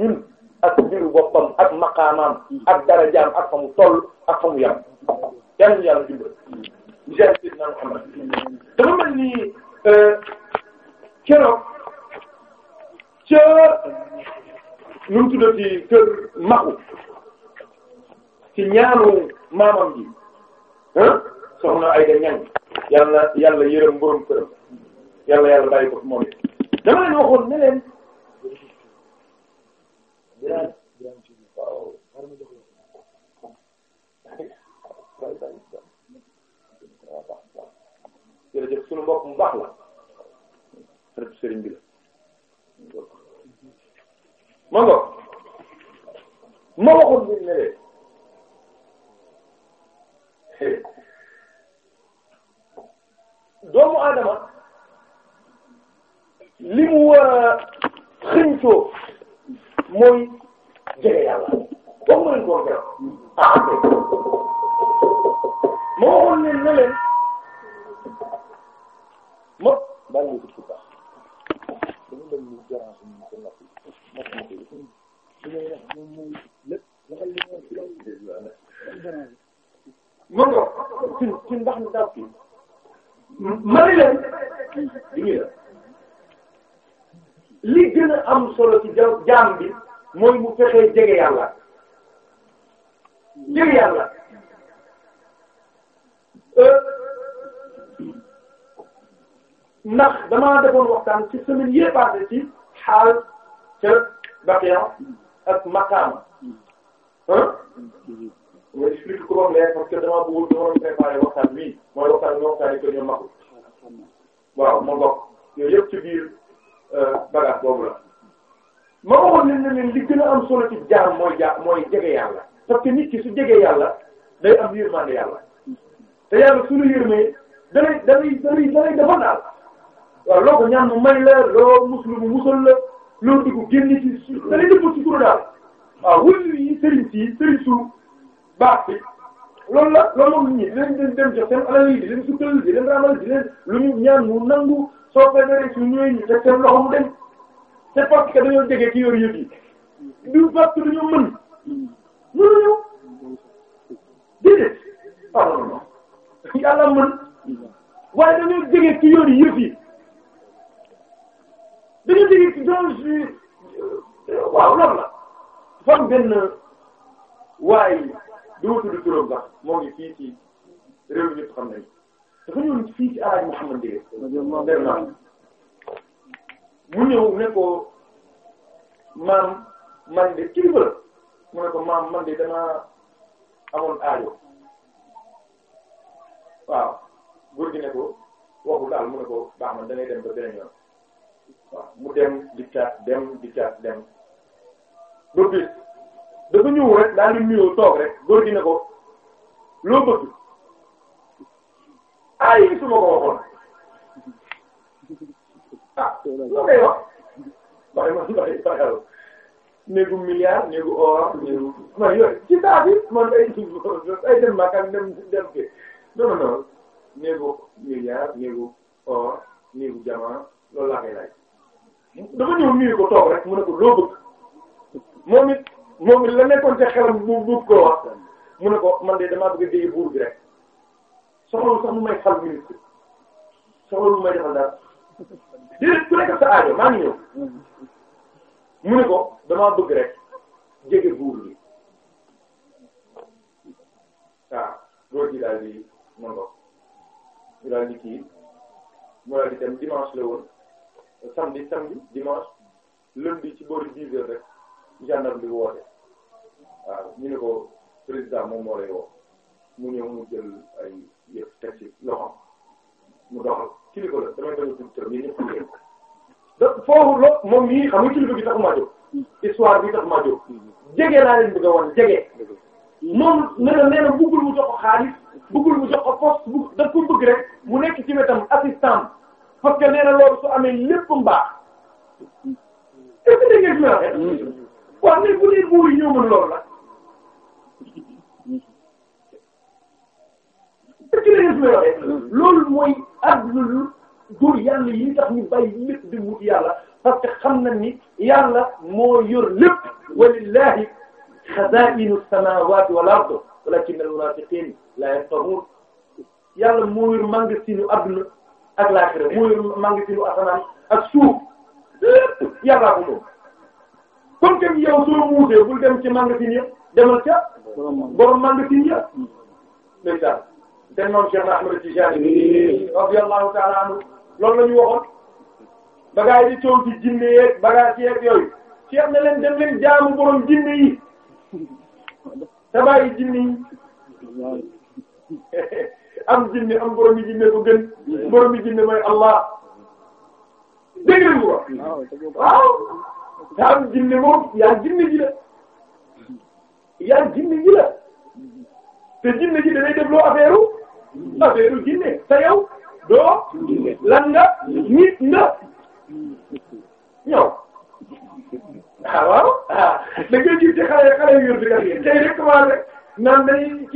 ak biiru boppam ak maqaamaam ak darajaam ak fa mu toll ak fa mu yam yàlla yàlla dimbal jërëjëf Seydina Muhammad dafa mel ni euh, keroog ca nu mu tuddati kër Maku ci ñaanu maamam ji ah soxna Ayda Niang yàlla yàlla yërëm borom këram yàlla yàlla bàyyi ko moom it dama leen waxoon ne leen. jërëjëf suñu mbokk mu baax la xarit sëriñ bi la ma ngo ma waxoon bi ne doomu aadama li mu war a ah ma waxoon leen ne leen ma bàyyi ma ko baax dañu dem ñu garanti ñu ko napp napp ko dañuy wax moom mooy lépp waxal li ñu garanti mën nga suñ suñ ndax mi daal fii ma ne leen li ñuy def li gën a am solo ci jaam bi mooy mu fexee jege yàlla ngir yàlla euh, ndax damaa defoon waxtaan ci semaine yee passé ci xaal ca Baqiya ak Makaama ah. nga expliqué ko ba mu leer parce que damaa bëggoon dama doon préparé waxtaan bii mooy waxtaan bi ma waxtaanee ko ñoom Makou waaw ma bokk yooyu yëpp ci biir euh, bagage boobu la. ma waxoon leen ne leen li gën a am solo ci jaam mooy ja mooy jege yàlla. parce que nit ki su yàlla day am yërmande yàlla te yàlla su la yërmee dalay dalay dalay dalay defal daal waaw loo ko ñaan mu may la loo muslu mu musal la loo dugg génn ci su dalay dëppal ci turu daal waaw wëlu yi sëriñ si sëriñ su baax bi la loolu moom nit ñi dinañ leen dem di lu ñu ñaan mu nangu soo ko defee su ñëwee ñu teg seen loxo mu dem c'est parce que dañoo jege ci yor yëpp yi du parce que dañoo mën mënu ñëw déedéet ah non mën waaye dañoo jógee ci yoon yëf yi dañoo jógee ci doon waaw loolu la fan benn waaye du ma tudd turam sax moo ngi fii ci réew ñëpp xam nañu dafa ñëw fii ci alaaj Muhammad Ndieguene. vraiment mu ne ko maam man de kilifa la. mu ne ko maam man de damaa amoon aajo waaw góor gi ne ko waxu mu ne ko baax man dangay dem ba beneen yoon waaw mu dem dikkaat dem dikkaat dem ba bis dafa ñëw rek daal di nuyoo toog rek góor gi ne ko loo bëgg aay su ma ko waxoon ah lu ngay wax. néegu milliard néegu or néegu ma yooyu ci saa bi man ay ay dem makkaan dem dem kii non non non néegu milliard néegu or néegu diamant loolu laa koy laaj. dafa ñëw miir ko toog rek mu ne ko loo bëgg moom ko wax mu ne ko man de damaa bëgg a dégg buur bi rek soxla mu may xal ministre soxla lu may defal daal déedéet ku nekk sa aajo maa ngi ñëw. mu ne ko damaa bëgg rek jege buur bi waaw ah, góor gi daal di mën ko daal di kii mu daal di dem dimanche la woon samedi samedi dimanche lundi ci boori 10 heures rek gendarme bi woote waaw ah, ñu ne ko président moom moo lay mu ñëw mu jël ay yëpp teg loxo mu doxal kilifa la damay demee tuuti trop yéen ñëpp da foofu lo moom mii xam nga kilifa gi tax maa jóg bi tax maa jóg jege laa leen bëgg wan jege moom nee na nee na bëggul mu jox ko xaalis mu jox ko poste bu da ko rek mu nekk ci wetam assistant parce que nee na loolu su amee lépp mbaax est-ce que da ngeen fi ma la est-ce que da góor yàlla yi tax ñu bàyyi lépp di wut yàlla parce que xam na ni yàlla moo yor lépp walillahi xazaa'inu samaawaati wal ard walaakinna al-munaafiqiina laa yafqahuun yàlla moo yor mangasinu adduna ak laaxira moo yor mangasinu asamaan ak suuf lépp yàllaa ko moom comme que yow soo muusee bul dem ci magasin yëpp demal ca borom magasin yëpp. ndeysaan. te moom Cheikh Ahmed Tidiane radiyallahu ta'ala anhu loolu la ñu waxoon bagaay di coow ci jinne yeeg bagaas yeeg yooyu Cheikh na leen dem leen jaamu borom jinne yi te jinne yi am jinne am borom yi jinne ko gën borom yi jinne mooy Allah dégg nga ko waaw te am jinne moom yaa jinne ji la yaa jinne ji la te jinne ji da def loo affaire affaire jinne te doo lan nga nit nga ñëw ah waaw ah da ngay jiite xale xale yu yor bi daal tey rek commencé naan dañuy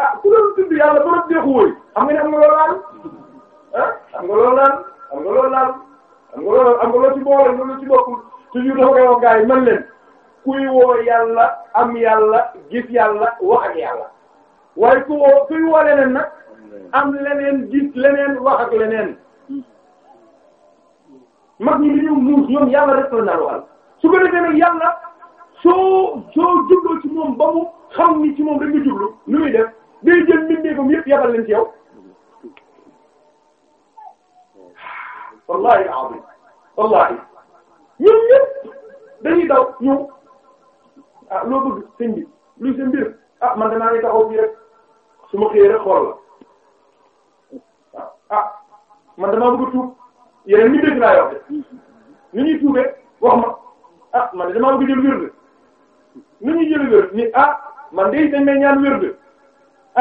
ah ku doon tudd yàlla borom dee xuwee xam nga ne am nga loo laal ah am nga loo laal am nga loo laal am ci boole nga loo ci bokkul toujours dafa koy wax gars yi man leen kuy woo yàlla am yàlla gis yàlla wax ak yàlla. waaye ko woo kuy woo leneen nag am leneen gis leneen wax ak leneen mag ñi dañoo muus ñoom yàlla rek la nar waxal su ko defee nag yàlla soo soo jubloo ci moom ba mu xam ni ci moom rek nga jublu nu muy def day jël mbindeefam yépp yabal leen ci yow wallahi azim wallahi ñun ñëpp daw ñëw ah loo bëgg sëñ bi luy ah man danaa ngi taxaw fii rek su ma xëyee rek xool la ah, waaw ah man damaa bëgg a tuub yeneen ñuy tuubee ma ah man damaa bëgg jël wérde ni ñuy jël wérde ni ah man day dañ may ñaan wérde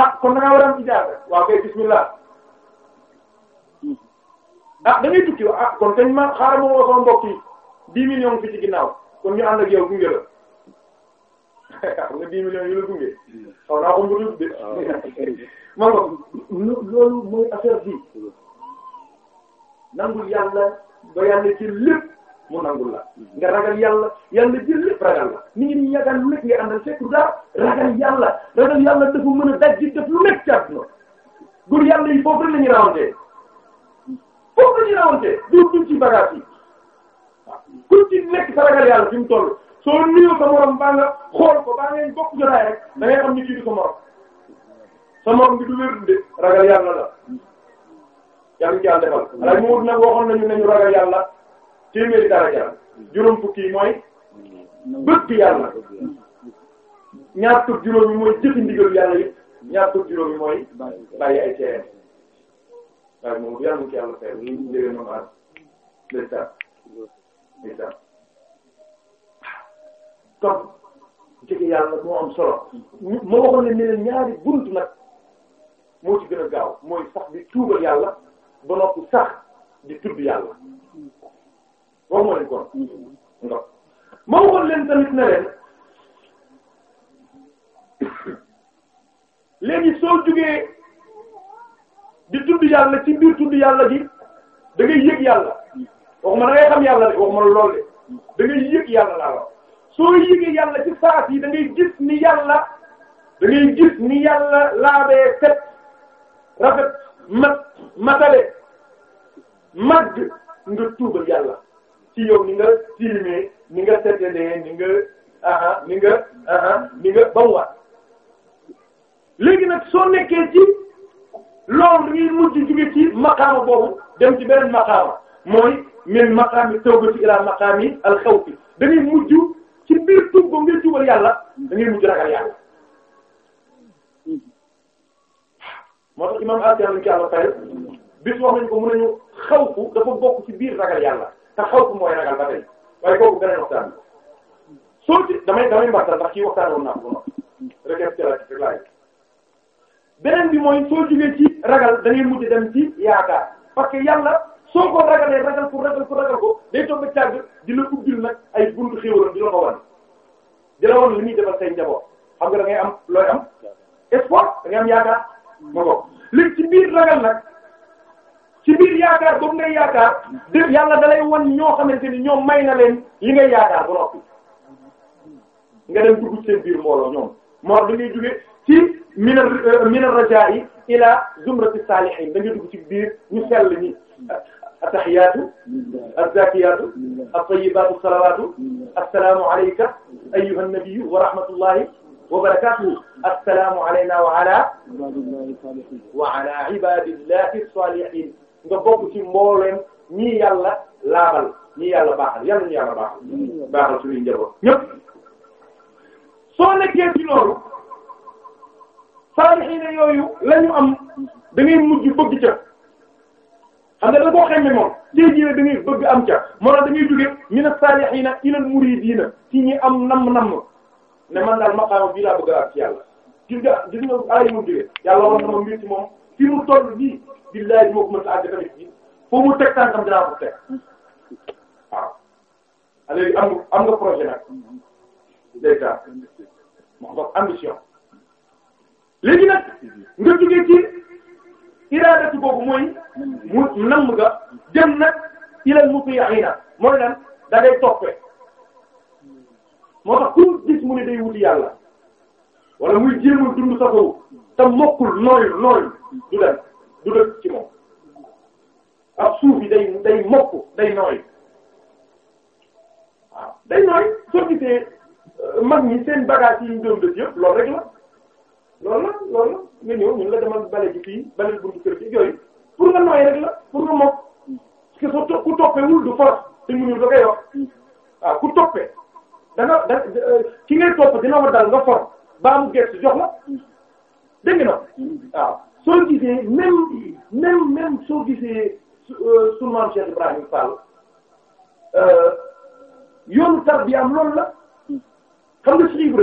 ah kon dangaa war a am ijaasa waaw kay bismillah ah, ah kon kañ ma xaaral ma woo sama mbokk yi dix ci ginnaaw kon ñu ànd ak yow xam nga 10 yu la gunge. xaw naa ko mu rëdd de. man loolu mooy affaire bi nangul yàlla ba yàlla ci lépp mu nangul la. nga ragal yàlla yàlla ci lépp ragal la. ni ngi nii yaakaar lu nekk nga àndal fekk ragal yàlla ragal yàlla dafa mën a daj def lu nekk ci àdduna. góor yàlla yi foofu rek la ñuy rawante foofu la ñuy rawante du duñ ci bagage yi. waaw sa ragal yàlla fi soo nuyoo sa morom baa nga xool ko baa ngeen bokk jotaay rek da ngay xam ni kii sa morom sa morom bi du wér de ragal yàlla la yàlla ci yàlla defal rajo Mourou nag waxoon nañu nañu ragal yàlla téeméeri daraja juróom fukki yi mooy bëgg yàlla ñaar tur juróom yi mooy jëfi ndigal yàlla yi ñaar tur juróom yi mooy bàyyi ay teereem rajo Mourou yàlla na ci yàlla fayal lii njëriñu maanaam. trop jege yàlla moo am solo ma ne ne ñaari buntu nag moo ci gën a gaaw mooy sax di tuubal yàlla ba noppi sax di tudd yàlla wax moo leen kon nga ma waxoon leen tamit ne leen léegi soo jugee di tudd yàlla ci biir tudd yàlla gi da ngay yëg yàlla waxuma da ngay xam yàlla de waxuma lool de da ngay yëg yàlla laa la soo yëgee yàlla ci saa yi da ngay gis ni yàlla da ngay gis ni yàlla laabee set rafet mat matale màgg nga tuubal yàlla ci yow ni nga filmé ni nga seetlee ni nga aha ni nga aha ni nga ba war léegi nag soo nekkee ci loolu da ngay mujj jóge ci maqaama boobu dem ci beneen maqaama mooy min maqaami tawbati ila maqaami al xawfi da ngay mujj. ci biir tuub ko ngeen tuubal yàlla da ngay mujj ragal yàlla. moo tax imam Al-Tirmidhi ci àll tayal bis wax nañu ko mën nañu xawfu dafa bokk ci biir ragal yàlla te xawfu mooy ragal ba waaye kooku beneen waxtaan soo ci damay damay mbattal ndax kii waxtaan woon naa ko ba rek rek rek laay beneen bi mooy soo jógee ci ragal da ngay mujj dem ci yaakaar parce que yàlla. soo ko ragalee ragal ko ragal ko ragal ko day toog ba càgg di la ubbil nag ay buntu xéwal di la ko wan di la wan li muy defal say njaboot xam nga da ngay am looy am espoir da ngay am yaakaar ma ko léegi ci biir ragal nag ci biir yaakaar boobu ngay yaakaar di yàlla da lay wan ñoo xamante ni ñoom may na leen li ngay yaakaar ba noppi nga dem dugg seen biir mbooloo ñoom moo da ngay jóge ci min euh, min ar-rajaa'i ila zumrati saalihiin da nga dugg ci biir ñu sell ñi at-tahiyaatu az-zaakiyaatu at-tayyibaatu as-salawaatu assalaamu alayka ayyuha an-nabiyyu wa rahmatullahi wa barakaatuhu assalaamu alaynaa wa alaa wa alaa ibaadillaahi as-saalihiin nga bokk ci mbooleem ñii yàlla laabal ñii yàlla baaxal yàlla ñu yàlla baaxal baaxal suñuy njaboot ñëpp soo nekkee ci loolu saalihiina yooyu la ñu am da mujj bëgg ca xam nga da xemme moom tey jii da bëgg am ca moo tax da ngay jóge mina saalihiina ilal muriidiina ci ñi am namm-namm ne man daal maqaama bii laa bëgg a am yàlla gis nga gis nga alay moom yàlla war sama mbir ci moom fi mu toll bii billahi bi moo ko mën foo mu teg tànkam dinaa ko teg waaw léegi am am nga projet nag day léegi nag nga jógee ci iraadatu boobu mooy mu namm nga jëm nag ilal muti'ina mooy lan da ngay toppee moo tax ku gis mu ne day wuti yàlla wala muy jéem a dund sa kaw te mokkul nooyul nooyul du dem du dëkk ci moom ab suuf yi day day mokk day nooy day nooy soo gisee euh, mag ñi seen bagage yi ñu doon def yëpp loolu rek la. loolu la loolu la nga ñëw ñun la demal bale ji fii bale buntu kër gi yooyu pour nga nooy rek la pour nga soo to ku toppewul du force te mënul da koy ah, ku toppee da nga ki ngay topp dina war dal for ba am gerte jox la dégg nga waaw ah, soo gisee même même même soo gisee euh, sunu maam Cheikh Ibrahim Fall euh, yoonu tarbiya am loolu la xam nga suñu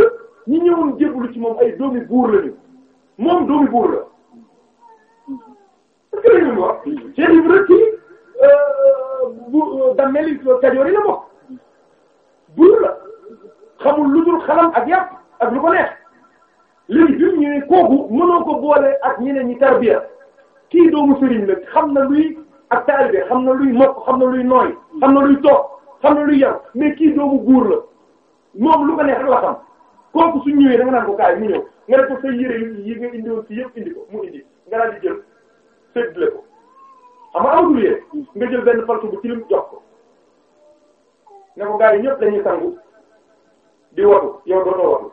ñi ñëwoon jébbalu ci moom ay doomi buur lañu moom doomi buur la parce que la ñun wax Cheikh Ibrahima ci bu euh, dammeli euh, Kajoor yi buur la xamul lu dul xalam ak yàpp ak lu ko neex léegi bi mu kooku mënoo ko boole ak ñeneen ñi tarbiya kii doomu sëriñ la xam na luy ak taalibe xam na luy mokk xam na luy nooy xam na luy toog xam na luy yar mais kii doomu buur la moom lu ko neex la xam kooku su ñëwee da nga ko kaay mu ñëw nga def ko sa yére yi nga indiwoon ci indi ko mu indi nga daal di jël ko xam nga amatul nga jël benn partie bu tilim jox ko ne ko gars yi ñëpp dañuy sangu di watu yow dootoo watu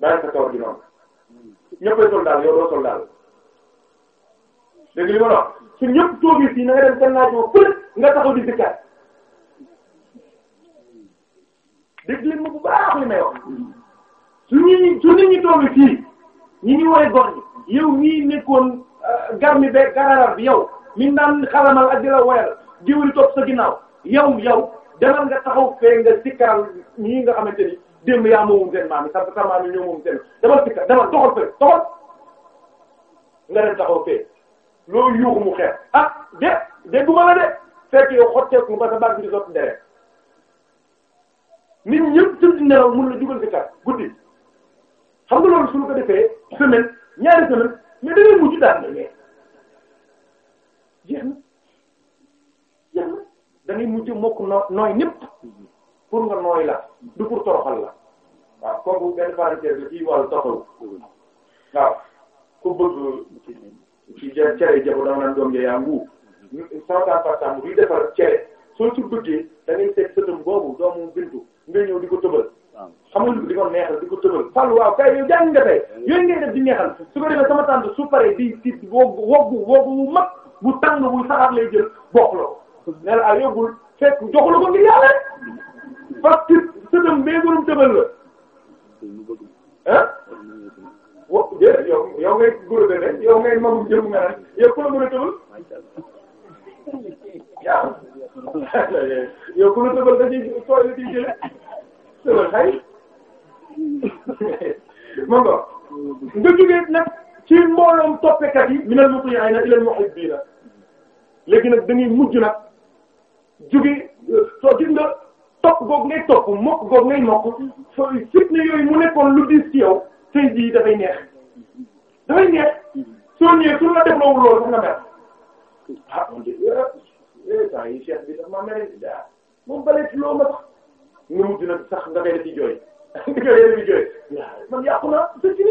daanaka sa kawar gi noonu ñëppay soldaal yow doo soldaal dégg li ma la wax su ñëpp toogee fii na nga dem seen naaj nga taxaw di si dégg leen ma bu baax li may wax su toog fii ñi ngi woy gox ñi yow mii nekkoon euh, garmi be gararar bi yow min daan xalamal ak di la woyal diwli topp sa ginnaaw yow yow demal nga taxaw fee nga sikkaal ñii nga xamante ni démb yaa moomum seen maam sa sa maam yi ñoo moom seen demal sikkaal demal doxal fee doxal nga dem taxaw fee loolu yuuxu mu xeex a ah, de de duma la de fekk yow xotteeku ba sa bag bi di sot dere nit ñëpp tëdd nelaw mun la jugal si kar guddi xam nga loolu suñu ko defee ñaari semaine mais da ngay mujj daan mais jeex na jeex na da mujj mokk noo nooy ñëpp pour nga nooy la du pour toroxal la waaw kooku benn parenthèse la ci wàllu toxalu waaw ku bëgg cere jabu dama naan doom yaa nguur cent ans par temps buy defar cere soo ci bëggee da ngay seet sëtam doomu bintu ngay ñëw di ko tëbal. xam nga di ko neexal di ko tëbal. Fallou waaw kay yow jàng nga tey yooyu ngay def di neexal su ko defee sama tante su paree di di wog wog wog mag bu tàng bu saxaar lay jël bokk la ko ne la ah yóbbul fekk joxu la ko ngir yàlla parce que bee borom tëbal la ah. wo jërëjëf yow yow ngay góor a magum jëmu nga naan yow ku la yow ku la tëbal dañuy tooy la ciy jëlee tëbal xay ma nga nga jógee nag ci mbooloom toppekat yi minal muti'ina ilal muhibbina léegi nag da ngay mujj nag jóge soo gis nga topp goog ngay topp mokk goog ngay mokk soo fitna yooyu mu nekkoon lu diis ci yow tey jii dafay neex dafay neex soo ñëwee su la def loolu loolu nga mer ah man de yooyu temps yi cheikh bi sax maa mere ah moom bële ci loo ma sax nga mujj nag sax nga koy def ci jooy di ko yéen di man yàqu naa c'est fini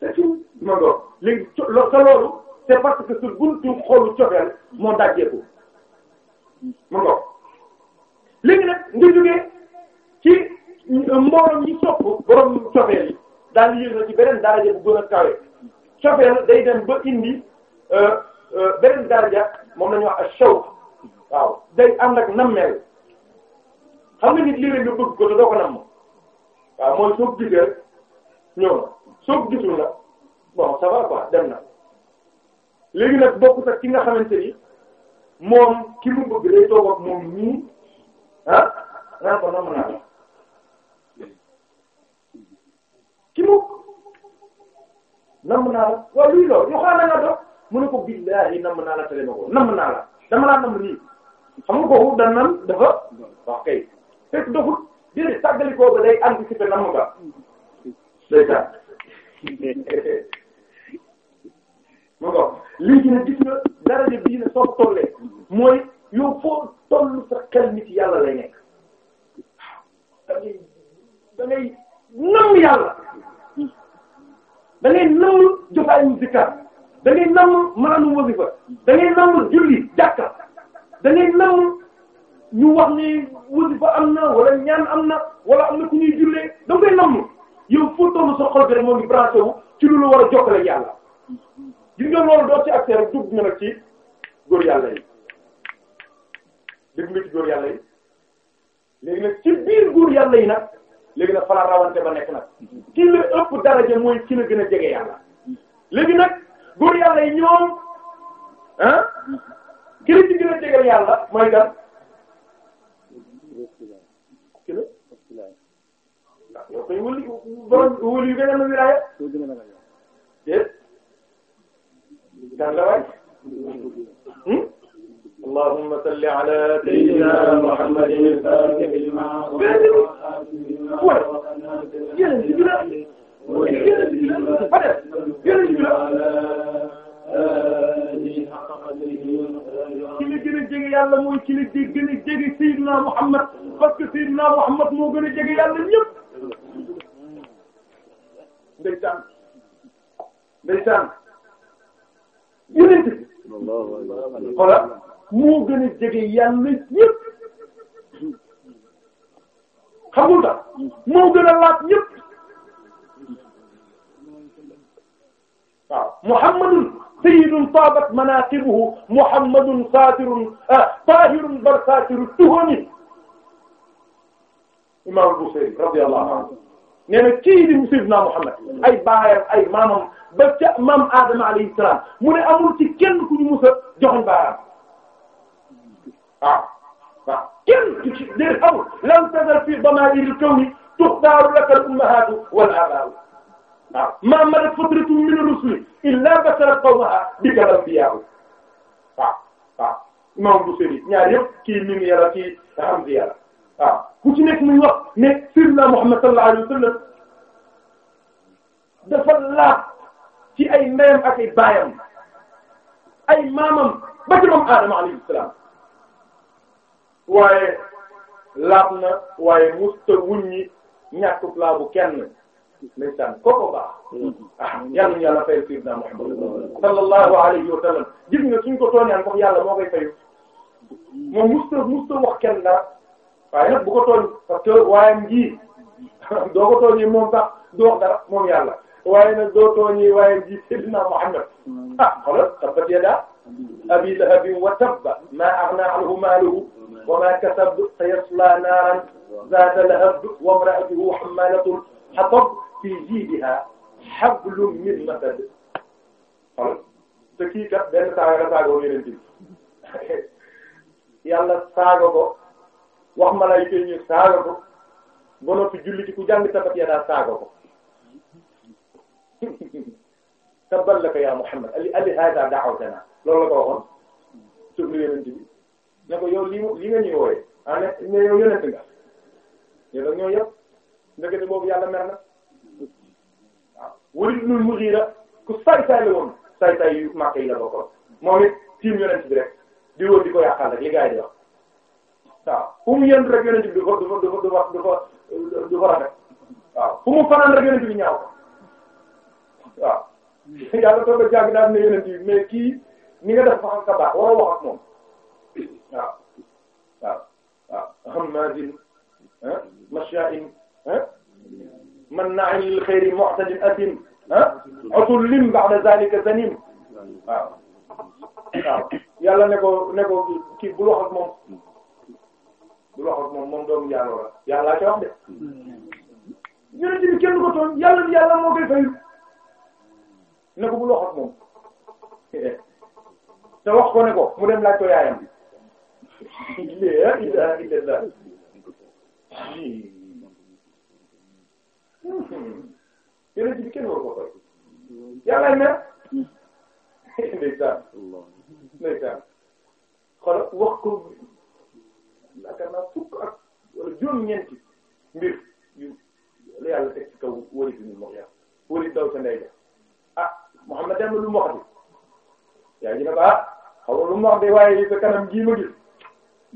c'est fini ma ngoog léegi lo sa loolu c'est parce que su buntu xoolu cofeel moo dajjeeku ma ngoog léegi nag nga jógee ci mbooloo ñi sopp borom cofeel yi daal di yëngu ci beneen daraja bu kawe cofeel day dem ba indi. Euh, beneen daraja moom la ñuy wax ak shawq waaw day ànd ak nammeel nga nit lii rek nga bëgg ko te doo ko namm waaw mooy soo gisee ñëw na soo bon ça va quoi na léegi nag bokk sax ki nga xamante ni moom ki mu bëgg day toog moom nii ah naan ko namm naa ki mu namm naa la waaw luy loolu ñu xaaral nga mu ne ko billaahi namm naa la tere ma ko namm naa la dama laa namm nii xam nga kooku da nan dafa wax kay fekk doful déedéet tàggali day anticiper namm nga day ko léegi nag gis dara de bii ne soo ko mooy yow foo toll sa xel yàlla lay nekk da ngay da yàlla da ngay namm jotaayu da ngay namm maanum wasifa da ngay namm julli jàkka da ngay namm ñu wax ni wasifa am na wala ñaan am na wala am na ku ñuy jullee da ngay yow foo toll sa xol bi rek moo ngi branché ci lu la war a jokkale yàlla gis nga loolu doo ci accès ci góor yàlla yi dugg nga ci góor yàlla yi léegi nag ci biir góor yàlla yi nag léegi nag fa la rawante ba nekk nag ki la ëpp daraja mooy ki la gën a jege yàlla léegi nag góor yàlla yi ñoom ah ki la ci gën a jegal yàlla mooy gan. ki la ndax yow kay wëli borom wëli yu gën a mën wilaaya. déet daan la waay. Hmm? allahumma salli ala sayyidina muhammadin ci li gën a jege yàlla mooy ci li gën a jege Seydina Muhammad parce que Seydina Muhammad moo gën a jege yàlla ñëpp. ndeysaan ndeysaan yonent bi xoolal moo gën a jege yàlla ñëpp xamul nga moo gën a laat ñëpp. waaw muhammadun sayyidun taabat manaqibuhu muhammadun saatirun ah, taahirun bar saatiru tuhami imaam Busiri radiyallahu anhu nee na kii di sayyidina Muhammad ay baayam ay maamam ba ca maam Adama alayhi salaam mu ne amul ci kenn ku ñu mës a joxoñ baaraam waaw ah, waaw kenn ku ci déet amul lam tazal fi damaa'iril kawni tuxtaaru laka al ummahaatu wal aabaa'u waaw maa madat fatratun mina rusuli illaa basharat qawmahaa bikal anbiyaa waaw waaw imam Busiri ñaar yëpp kii mi ngi yàlla kii Hamza yàlla waaw ku ci nekk muy wax ne Sayyidina Muhammad sallallahu alayhi wa sallam dafa laaj ci ay ndeyam ak baayam ay maamam ba ci moom Adama alayhi salaam waaye laab na waaye musta wuññi ñàkkub laabu kenn. ndeysaan kooku baax. Hmm. ah yal na yàlla fayal sayyidina Muhammad sallallahu alayhi wa sallam gis nga suñ ko tooñaan sax yàlla moo koy fayu moom musta musta wax kenn dara waaye nag bu ko tooñ parce que waayam ji doo ko tooñee moom sax du wax dara moom yàlla waaye nag doo tooñee waayam ji sayyidina Muhammad hmm. ah xoolal tabbat yadaa abii lahabin wa tabba maa aghnaa anhu maaluhu wa maa kasab sayaslaa naaran zaata lahab wa imra'atuhu hammalatal hatab fii jiidihaa hablum min masad te kii kat benn saaga la saagoo yeneen bi yàlla saaga ko wax malaayika yi ñu saaga ko ba noppi julliti ku jàng tabat ya daal saaga ko tabal laka yaa Muhammad ali ali hada da'awtana loolu la ko waxoon suuf lu yeneen bi ne ko yow lii lii nga ñuy wooyee ah ne yow yeneen nga yow dañoo yëpp ndekete boobu yàlla mer na. Walid ibn Mughira ku saay-saay la woon saay-saay yu màkk yi la bokkoon moom it tiim yonent bi rek di wër di ko yàqal rek li gars yi di wax waaw fu mu yënd rek yonent bi du ko du ko du ko du ko du ko rafet waaw fu mu fanaan rek yonent bi ñaaw ko waaw yàlla toog a jàng daal ne yonent bi mais kii ni nga def fa xam sa baax waroo wax ak moom waaw waaw waaw hammazin ah, masha'in ah, man na'in lil xayri mu'tadin asim ah utullin ba'da zalika zanim waaw ne ko ne ko kii bul wax ak moom bul wax ak moom wax bi kenn ko toon moo koy fayu ne ko bul wax ak ko ne ko mu dem laaj ko yaayam bi la ilaha illallah yonent bi kenn war ko topp yàlla na ndeysaan ndeysaan xoolal wax ko yaakaar naa fukk ak wala juróom-ñeenti mbir yu la yàlla teg ci kaw wari bi ñu mox yàlla wari daw sa ndey ja ah Mouhamed lu mox bi yaa ngi ne ah xaw lu mox de waaye sa kanam gii ma gis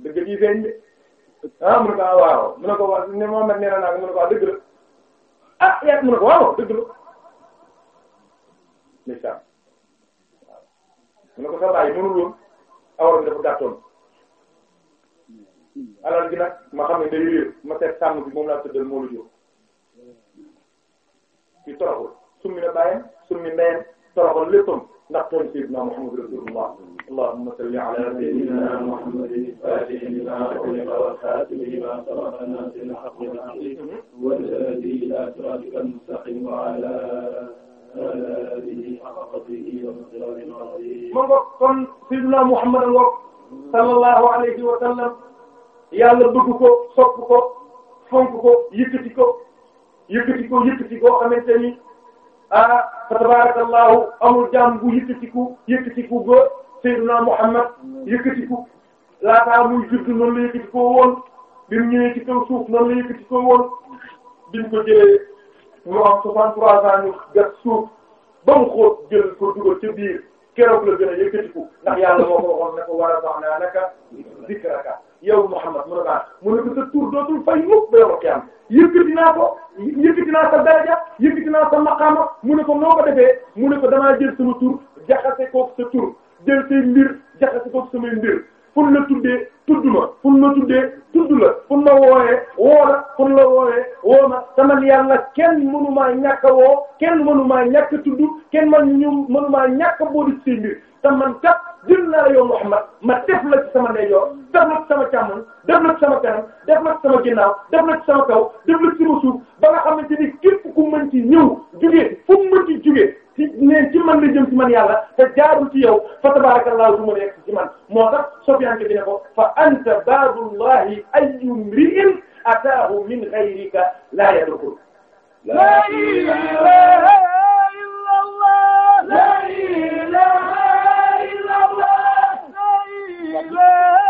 dëgg gii feeñ de ah mu ne ko ah waaw mu ne ko wax ne Mouhamed nee na naa ko mu ah yaa ngi mun a ko waaw dëgg la. ndeysaan waaw mun na ko sa baay mënul woon awaram dafa gàttoon alal gi nag ma xam ne day réer ma seet sàmm bi moom laa tëddal moo lu jóg. ci toroxul summi na bàyyam summi ndeyam toroxal léppam ndax tool Seydina Muhammad rasulullah allahumma salli ala sayyidina Muhammadin al-fatihi lima ughliqa wal khatimi lima sabaqa nasir al-haqqi bil haqqi wal hadi ila siratika al-mustaqim wa ala alihi haqqa qadrihi wa miqdarihi al-azim ma bokk kon Seydina Muhammad sallallahu alayhi wa sallam yàlla bëgg ko sopp ko fonk ko yëkkati ko yëkkati ko yëkkati ko xamante ni ah fa tabarakallahu amul jaam bu yëkkatiku yëkkatiku ba Seydina Muhammad yëkkatiku laataa muy judd noonu la yëkkatikoo woon bi mu ñëwee ci kaw suuf noonu la yëkkatikoo woon biñ ko jëlee mu am 63 ans ñu gas suuf ba mu xóot jël ko dugal ca biir keroog la gën a yëkkatiku ndax yàlla moo ko waxoon ne ko war a baax naa naka zikraka yow Muhammad mu ne ah mu ne ko sa tur dootul fay ñëpp ba yow xiyaam yëkkati naa ko yëkkati naa sa daraja yëkkati naa sa maqaama mu ne ko noo ko defee mu ne ko damaa jël sama tur jaxase koog sa tur jël say mbir jaxase koog samay mbir fun la tuddee tudd ma fun la tuddee tudd la fun ma woo la fun la wooyee woo ma sama yàlla kenn mënu maa ñàkk a woo kenn mënu maa ñàkk tudd kenn man ñu mënu maa ñàkk a boole mbir. te man kat jël naa yow Muhammad ma def la ci sama ndeyjoor def la ci sama càmmoñ def la ci sama kanam def la ci sama ginnaaw def la ci sama kaw def la ci sama suuf ba nga xamante ni képp ku mën ci ñëw jugee fu mu mën ci jugee ci ne ci man la jëm ci man yàlla te jaarul ci yow fa tabarakallahu du ma nekk ci man moo tax sofianke bi ne ko fa anta baabullahi ayyu mri'in ataahu min ghayrika la yadkhul la ilaha illallah la ilaha الله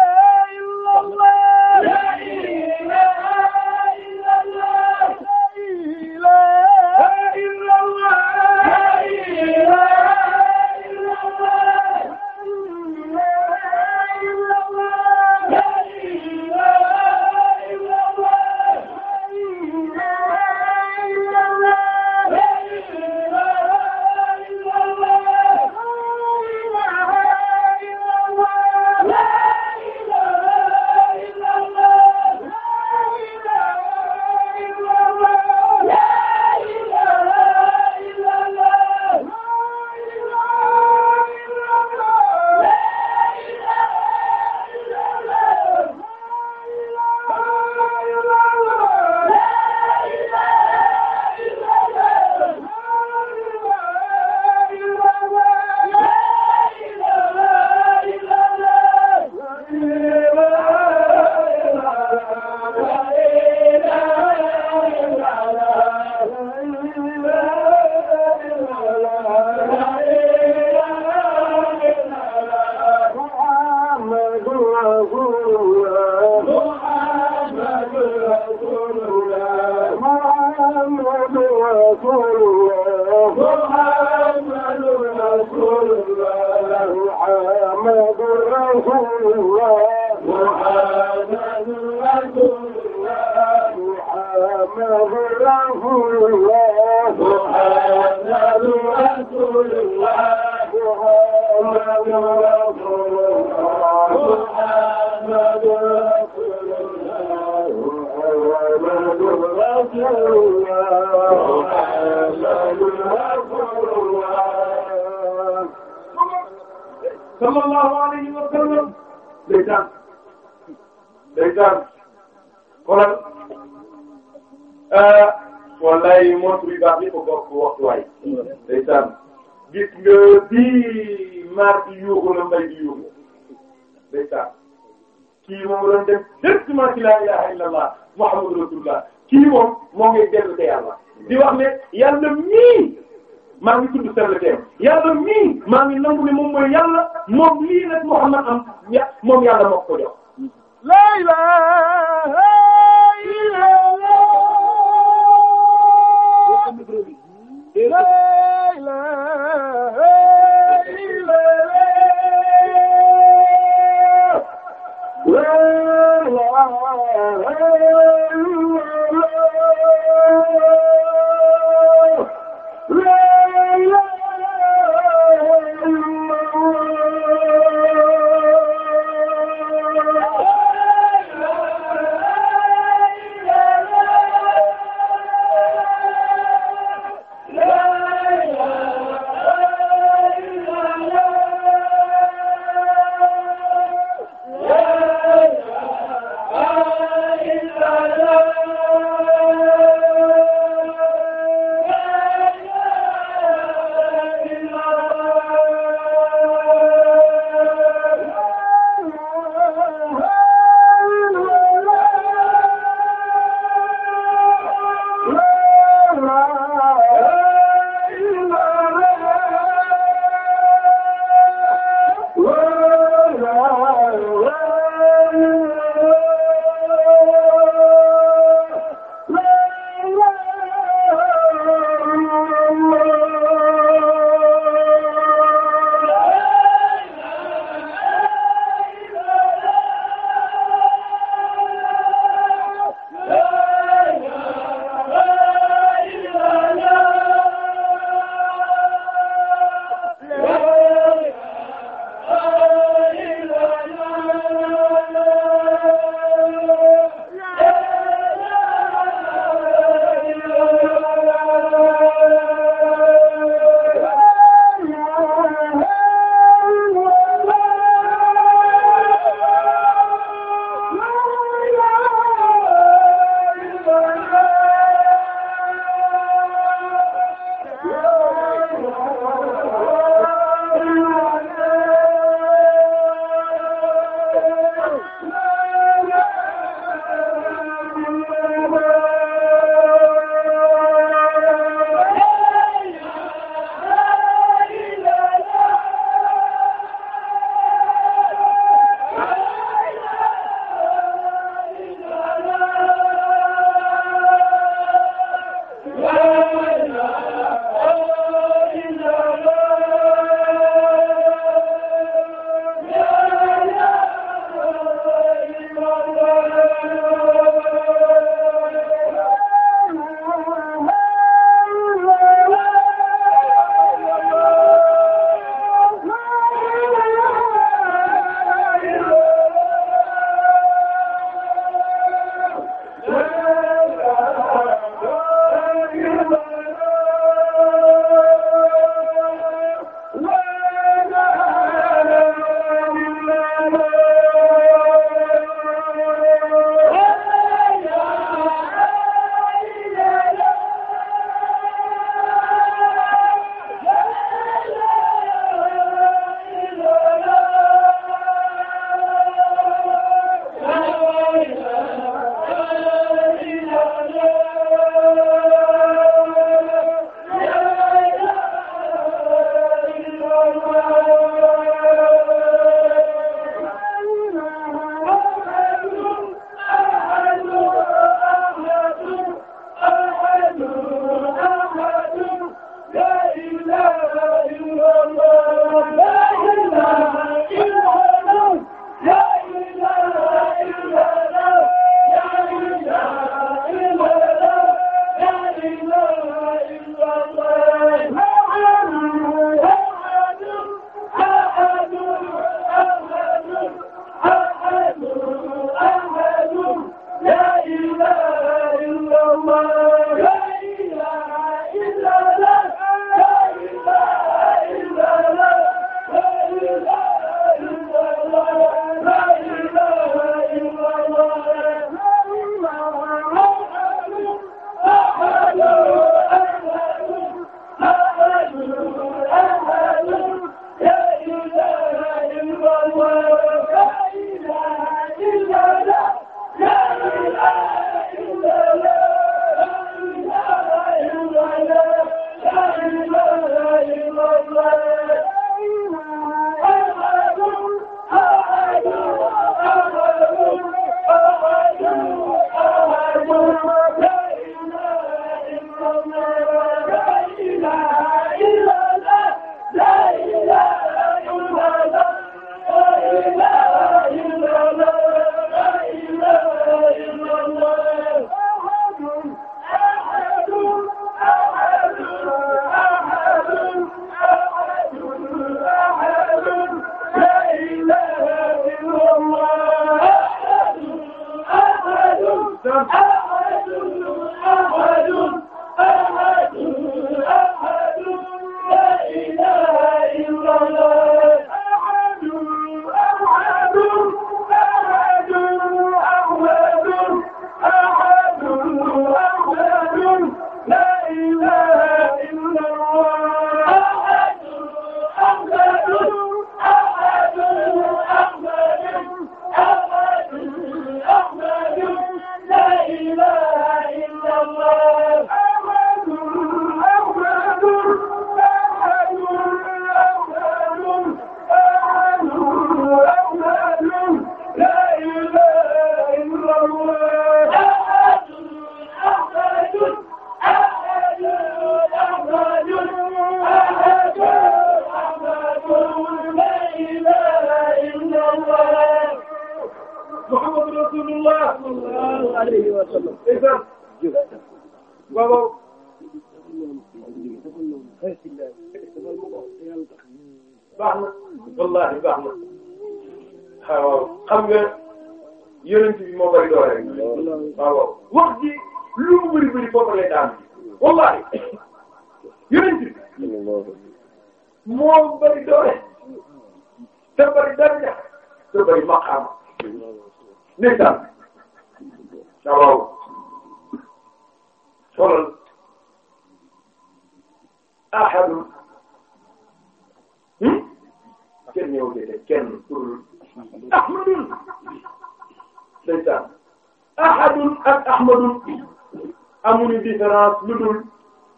différence lu dul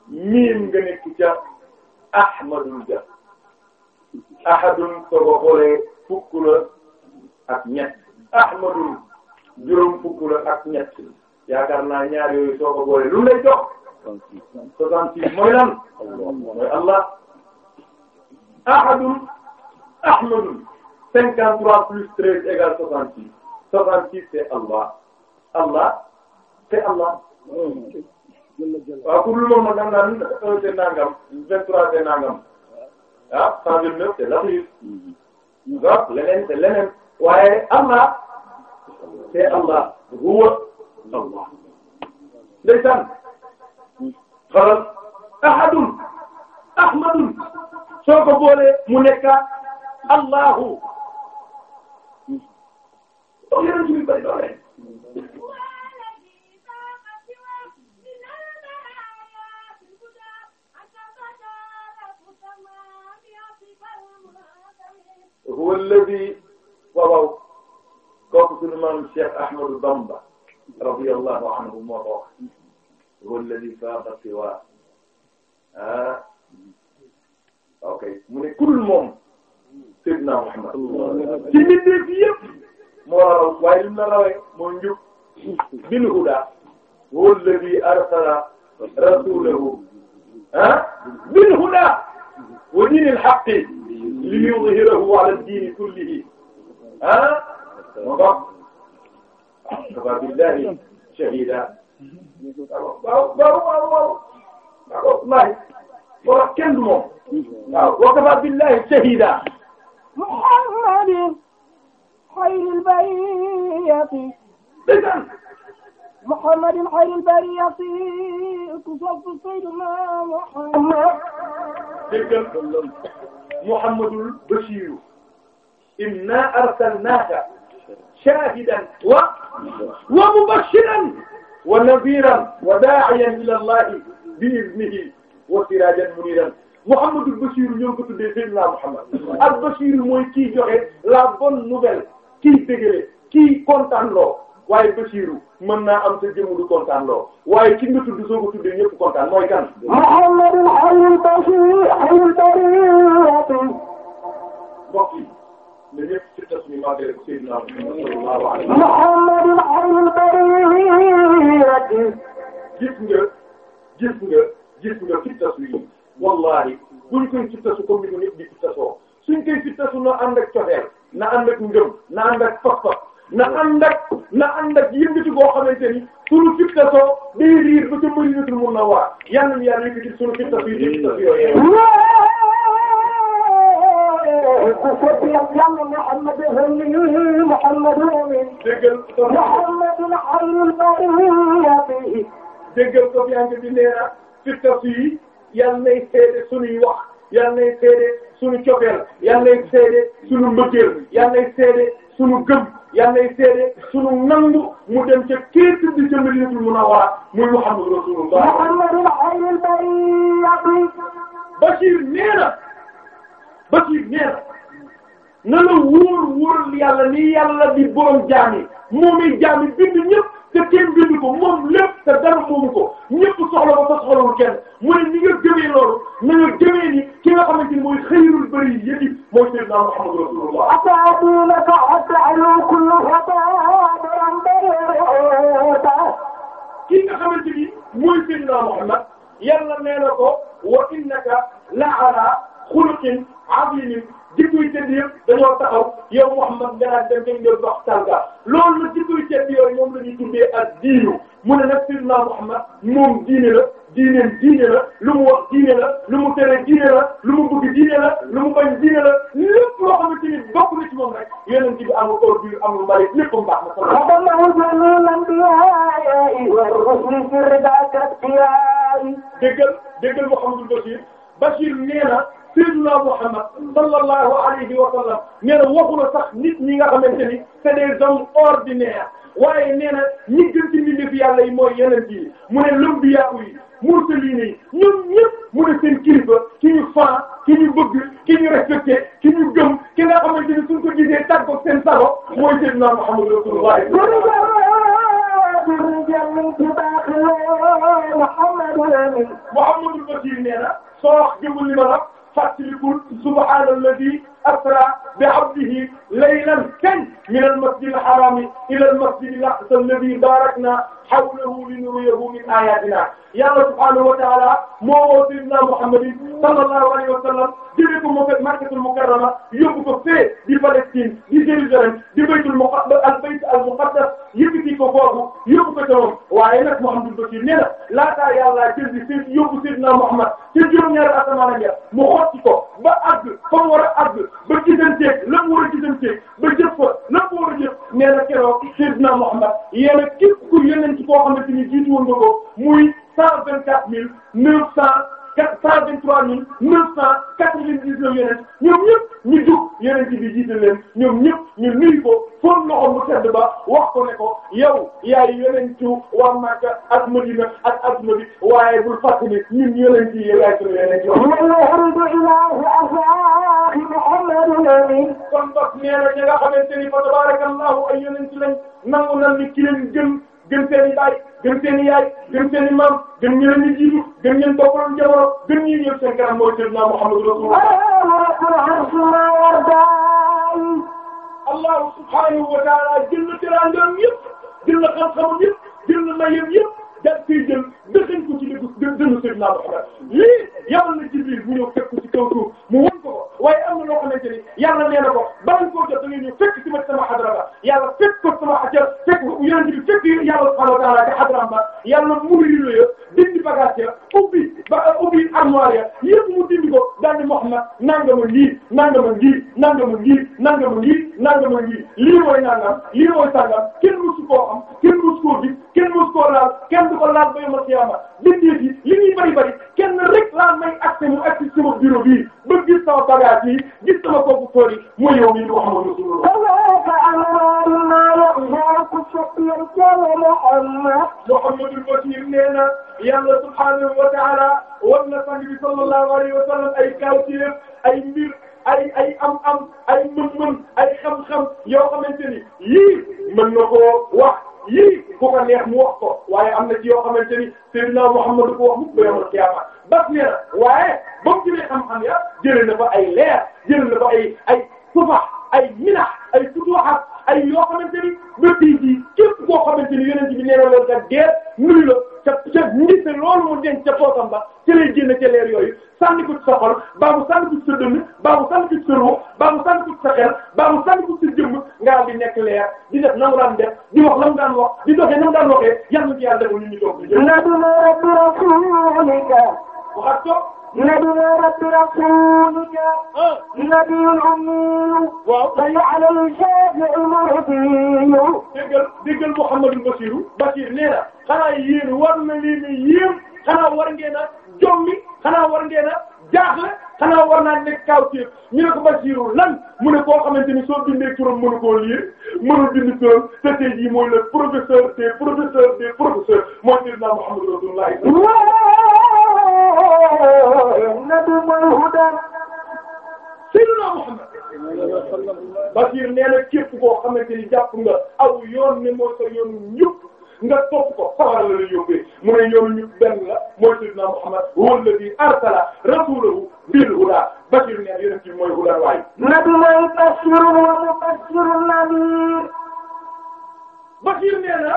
miim nga nekk ca ahmadul ja ahadun soo ko xoolee fukk la ak ñett ahmadul juróom fukk la ak ñett yaakaar naa ñaar yooyu soo ko lu lay jox soixante-six mooy lan mooy allah ahadun ahmadun cinquante-trois plus treize égale soixante-six soixante-six c'est allah allah c'est allah waaw pour lu moom nag naan un nangam vingt trois nangam ah cent vingt neuf te latif waaw leneen te leneen waaye Allah te Allah huwa Allah ndeysaan xalal ahadun soo ko boolee mu nekkaat Allahu. huwa alladi waaw kooku sunu maam Cheikh Ahmadou Bamba radiyallahu anhu moo ko wax huwa alladi faaqa siwa ah ok mu ne kul moom Seydina Muhammad ci mbindeef yëpp moo raw waaye li mu la rawee moo njub bil huda huwa alladi arsala rasulahu ah bil huda wa dinil haqqi li yuzhirahu ala ad-din kullihi ah moo tax ah kafaa billahi shahida waaw waaw waaw waaw waaw waaw moo tax kenn du moom waaw wa kafaa billahi shahida Muhammadin khayril bariyati محمد خير البرية تصف سيدنا محمد déggal loolu Muhammadul Bashir inna arsalnaaka shaahidan wa wa mubashiran wa nadhiran wa daa'iyan ila Allahi bi iznihi wa siraajan muniiran Muhammadul Bashir ñoo ko tuddee Seydina Muhammad al Bashir mooy kii joxe la bonne nouvelle kii dégale kii kontaan loo waaye Basiiru mën naa am sa jëmm du kontaan loo waaye ki nga tudd soo ko tuddee ñëpp kontaan mooy kan. Muhammadul hayyul bashir hayyul bariyati. mbokk yi ne ñëpp ci tas mi maa ngi rek Seydina sallallahu alayhi wa sallam. Muhammadul hayyul bariyati. gis nga gis nga gis nga ci tas wi wallahi buñ koy ci tasu comme ni ko nit di ci tasoo suñ koy ci tasu na ànd ak cofeel na ànd ak ngëm na ànd ak fas fas na ànd ak na ànd ak yëngati boo xamante ni sunu fitta soo day riir ba ca Madinatul Munawwara yal nañu yàlla yëngati sunu fitta soo yëngati soo yooyee. déggal ko Bianca di neena fitta yi yal nay seede sunuy wax yal nay seede sunu cofeel yal nay seede sunu mbëggeel yal nay seede sunu gëm. yàllay seede sunu nangu mu dem ca kii tudd ca Madinatul Munawwara muy Muhammadu Rasulullah Muhammadul xayril bariyya Bashir nee na Bashir nee na na la wóor wóoral yàlla ni yàlla di borom jaami moom i jaami bind ñëpp te kenn bindu ko moom lépp te dara moomu ko ñëpp soxla ko te soxlawul kenn mu ne ñi nga gëmee loolu na nga gëmee ni ki nga xamante ni mooy xayrul bari yëpp mooy sayyidina Muhammad rasulullah atabunaka ata'lu kullu khataran barata ki nga xamante ni mooy sayyidina Muhammad yàlla nee na ko wa innaka la'ala xuluqin azimin jikko yi tëdd yëpp dañoo taxaw yow Muhammad nga naan dem dañ doon wax tànga ad-diinu mu ne nag Seydina Muhammad moom diine la diineem diine la lu mu wax diine la lu mu tere dara yàlla subhaanahu wa taala moo woo sayyidina Muhammad sallallahu alayhi wa sallam jëlee ko mu Makkatul ko fee di Palestine di Jérusalem di baytul al bayt al muqaddas yëkkati ko foofu yóbbu ko ca moom waaye nag na laataa yàlla jël di seen yóbbu sayyidina Muhammad ca juróom-ñaari asamaan ya mu xotti ko ba àgg fa a àgg la mu war a gisanteeg ba jëf fa la mu war a Muhammad yéen a yeneen ci koo xamante ni jiitu woon nga ko muy cent vingt quatre mille neuf cent quatre cent vingt trois mille neuf cent quatre vingt dix neuf yeneen ñoom ñëpp ñu jug yeneen ci bi jiite leen ñoom ñëpp ñu nuyu ko foog loxo mu sedd ba wax ko ne ko yow yaay yeneen ci waa Makka ak Madina ak adduna bi waaye bul fàttali ñun yeneen ci yaay suñu yeneen ci kon bas nee na ñi nga xamante ni fa tabarakallahu ay yeneen ci lañ nangu nan ni ki leen gën gën seen i baay gën seen i yaay gën seen i maam gën ñu leen di jiitu gën ngeen toppaloon jamono gën ñuy ñëw seen kanam mooy Seydina Muhammad Rasulullah. Allah subhanahu wa ta'ala jël na teraangaam yëpp jël na xam-xamam yëpp jël na mayam yëpp. daal koy jël dëxañ ko ci dëgg dëgg Seydina Muhammad lii yabal na Jibril bu ñëw fekk ko ci kaw mu won ko am na loo xamante ni yàlla nee na ko baal koo a da ngay ñëw fekk ci ma sama xadra ba yàlla fekk ko sama xadra fekk ko yonent bi fekk yàlla subhaanahu wa ta'aala ci xadraam ba yàlla muri yu ya dindi bagage ya ubbi ba ubbi armoire ya yëpp mu dindi ko daal di Muhammad nangama lii nangama lii nangama lii lii nangama lii lii mooy nangam lii mooy sangam kenn mësu koo am kenn mësu koo gis kenn mësu koo laal kenn du ko laal ba yomal xiyaama bindee fi li ñuy bari bari kenn rek laa may accès mu accès sama bureau bii ba gis sama bagage yi gis sama kooku tool yi mooy yow mii di Muhammad Rasulullah. Muhammadul Bashir nee na yàlla subhaanahu wa ta'ala war na sang bi sallallahu alayhi wa sallam ay kawteef ay mbir. ay ay am-am ay mën-mën ay xam-xam yoo xamante ni yii mën na koo wax. yii ku ko neex mu wax ko waaye am na ci yoo xamante ni Seydina na ko wax mu ba yomal qiyaama bas nee na waaye ba mu jëlee xam-xam ya jëlee na fa ay leer jëlee na fa ay ay sufa ay mina ay futuhat ay yoo xamante ni ba tey jii képp koo xamante ni yonent bi nee na loolu kat loolu mu ca poosam ba ca lay génn ca leer yooyu sànni ko ci sa xol baa mu sànni ko ci sa dënn baa mu sànni sa ruux baa mu sànni ko ci sa xel baa mu sànni ko ci sa jëmm nga am di nekk leer di def na mu daan def di wax la mu daan wax di doxee na mu daan waxee yàlla ci yàlla defal ñu ñu toog. نبي رب رسول نبي أمي بل على الشافع مرضي déggal déggal Mouhamadou Bassirou Bassir nee na xanaa yéen war na leen a yéem xanaa war ngeen a jommi xanaa war ngeen a jaaxle xanaa war naa nekk kaw ci ñu ne ko Bassirou lan mu ne koo xamante ni soo bindee turam mënu koo lire mënu bind turam te tey jii mooy le professeur des professeurs des professeurs mooy Seydina Mouhamadou Rasulullah nabi mooy hudan sayyidina Muhammad Basiir nee na képp koo xamante ni jàpp nga aw yoon ne mooy sa yoonu ñëpp nga topp ko sawara la la yóbbee mu ne yoonu ñëpp benn la mooy sayyidina Muhammad huwa alladhi arsala rasulahu bil huda Basiir nee na yonent bi mooy hudan waaye. nabi mooy bashiru wa mubashirun nadir. Basiir nee na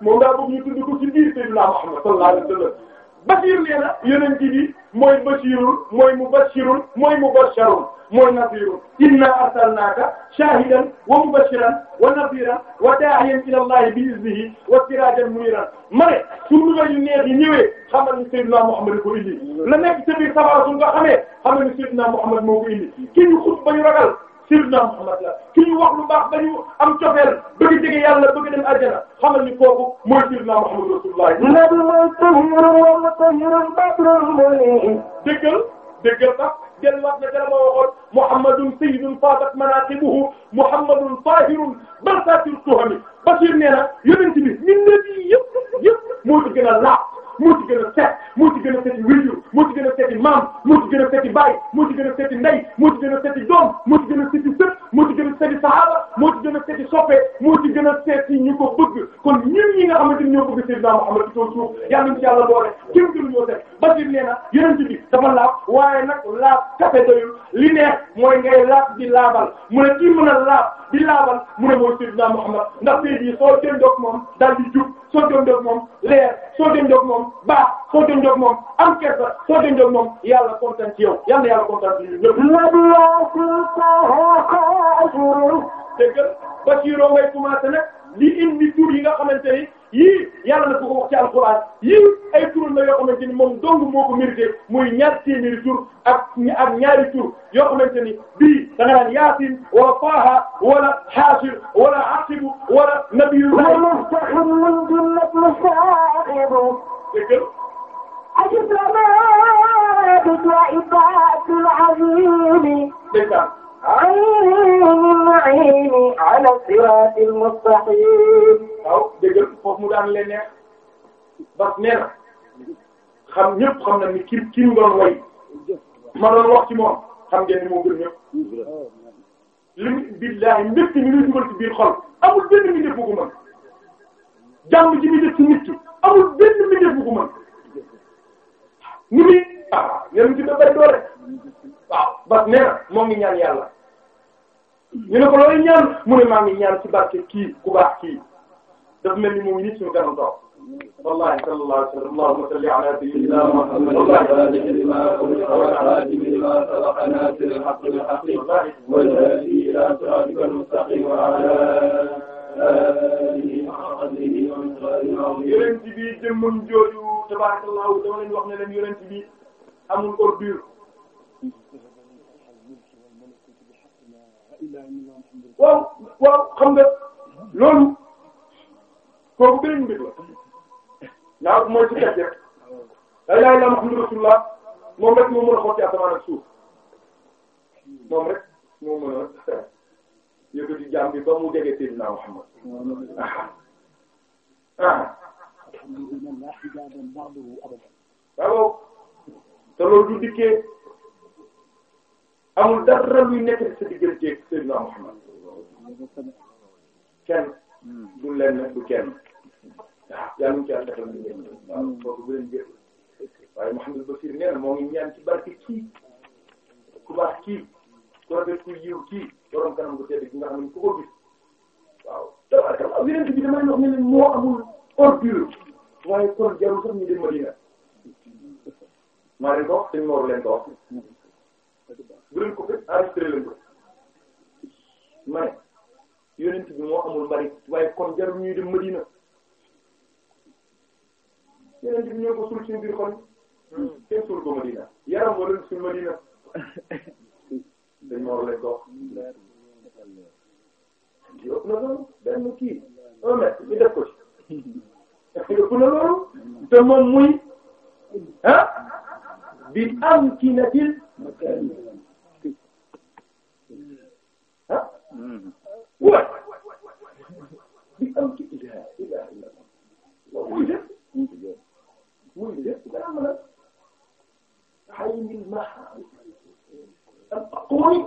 moom daa bëgg ñu tudd ko ci biir sayyidina Muhammad sallallahu alayhi wa sallam Basiir nee na yonent bi mooy Basiirul mooy Mubashirul mooy Mubasharul mooy Nadirul inna arsalnaaka shaahidan wa mubashiran wa nadiran wa daa'iyan ila Allahi bi iznihi wa siraajan muniiran ma ne su numéros yu neex yi ñëwee xamal ni Seydina Muhammad ko indi la nekk ci biir sabara su nga xamee xamal ni Seydina Muhammad moo ko indi ki ñu xut ba ñu ragal. Sayyidna Muhammad la ki ñu wax lu baax ba ñu am cofeel bëgg jege yàlla bëgg dem àjjana a ni kooku mooy Sayyidna Muhammad Rasulullah. nabi mooy tahirun wa mutahhirun badrul munim. déggal déggal sax delluwaat na dara ma waxoon Muhammadun sayyidun fatat manaqibuhu Muhammadun tahirun barsatil tuhami Bashir nee na yonent bi ñun ñëpp a laaj. moo ci gën a set moo ci gën a seti wéjur moo ti gën a seti maam moo ci gën a seti baay moo ci gën a seti ndey moo ci gën a seti doom moo ci gën a seti sët moo ci gën a seti sahaba moo ci gën a seti soppe moo ci gën a ñu ko bëgg kon ñun ñi nga xamante ni ñoo bëgg Seydina Muhammad ci kaw suuf boole kenn gënu ñoo set Bashir nee na a laab waaye nag laab kafe doyul li neex mooy ngay laab di laabal mu ne kii mën a laab di laabal mu ne mooy Seydina Muhammad ndax tey jii soo jëndoog moom daal di moom baax soo dendoog moom am kersa soo dendoog moom yàlla kontaan ci yow yàlla yàlla kontaan ci yow. dégg nga Bachirou ngay commencé nag li indi tur yi nga xamante ni yii yàlla na ko wax ci yii ay tur la yoo ni moom dong moo ko mérité muy ñaar téeméeri tur ak ak ñaari tur yoo xamante ni bii da nga naan yaasin wala Faaha wala Haashir wala Aqibu wala Nabiyullah dëggal. dëgg la. waaw dëggal foofu mu daan leen neex. bas nee na xam ñëpp xam na ni ki ki mu doon way ma doon wax ci moom xam ngeen ni moo gën ñëpp. lim billahi mbétti mi ngi dugal ci biir xol amul benn mi def ko mën jàmm ji mi def ci nit ki. amul benn milieu bu ko mën ñu ngi waaw ñoom ci ba bëri doole waaw bas nee na moo ngi ñaan yàlla ñu ne ko looy ñaan mu ne maa ngi ñaan ci barke kii ku baax kii dafa mel ni moom nit suñu kanam toog wallahi sallallahu alayhi wa sallam allahumma salli ala sayyidina muhammad wa ala alihi lima khalaqtana lima sabaqana bil haqqi wal haqqi wa ala alihi ila siratikal mustaqim wa ala alihi wa sahbihi wa sallam yonent bi dama leen wax ne leen yonent bi amul ordure waaw waaw xam nga loolu kooku beneen mbir naa ko mooy ci kàcce rek la ilaha illa muhammadu rasulullah moom rek moo mën a xool ci asamaan ak suuf yëkkati jaam bi ba mu jege Seydina Muhammad ah. Ah. waaw te loolu du dikkee amul dara luy nekk ci sa digganteeg Seydina Muhammad kenn du lenn du kenn ah, waaw yàlla ñu ci ànd defal ñu bu leen jël waaye Mouhamadou Bassir nee na moo ngi ñaan ci kii ku baax kii ku rafet ku yiw kii borom kanam bu tedd gi nga xam ku ko gis waaw tabarkalla yeneen bi damay wax ne moo amul ordure waaye kon jarul sax ñu dem Madina maa leen ko wax te Mor leen ko wax bu leen ko fekk enregistré leen ne yonent bi moo amul mbalit waaye kon jarul ñuy dem Madina yonent bi ñoo ko suul ci biir xol hmm. kenn suul ko Madina yaram wala suul Madina dañ ma war a dox yëpp na loolu benn kii un mètre ñu def ko ci yëpp na loolu te moom muy ah bi am kii na ci ah waaw bi am kii bi waaw muy def muy def dara ma la xayma تفقري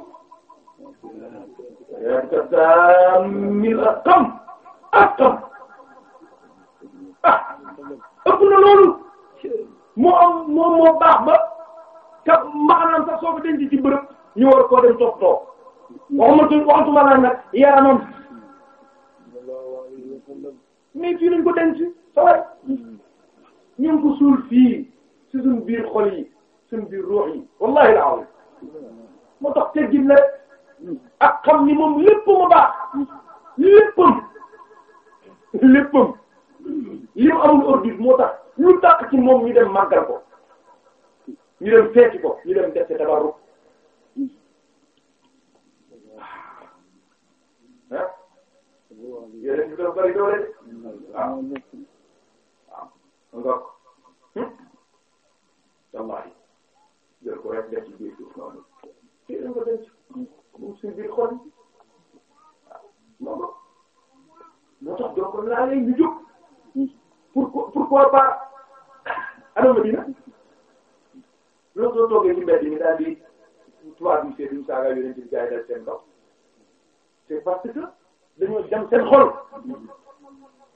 يتسامي الأقم ah ëpp na loolu moom moo baax ba te maanaam denc ci bërëb war koo dem toppatoo waxumatu waxatuma laa nag yaramam mais fii lañ ko denc sa waay ñu ngi ko suul fii ci suñ biir xol yi suñ biir ruux yi wallahi moo tax teggin la ak xam ni moom lépp mu baax léppam léppam li mu amul ordure moo tax ñu tàq ci moom ñu dem màggal ko ñu dem feeti ko ñu dem def ci tabarruk ah yéen dafa bari doole waaw waaw ngok wallahi jël ko rek def ci biir suuf noonu ci lañ ko si biir xol waaw moo tax donc naa leen di jóg pourquoi pourquoi pas ana ¿Ah, Madina loolu soo toogee ci mbedd mi daal di tubaab bi seetlu saaga yonent bi gaa yi dal seen kaw c'est parce que dañoo dem seen xol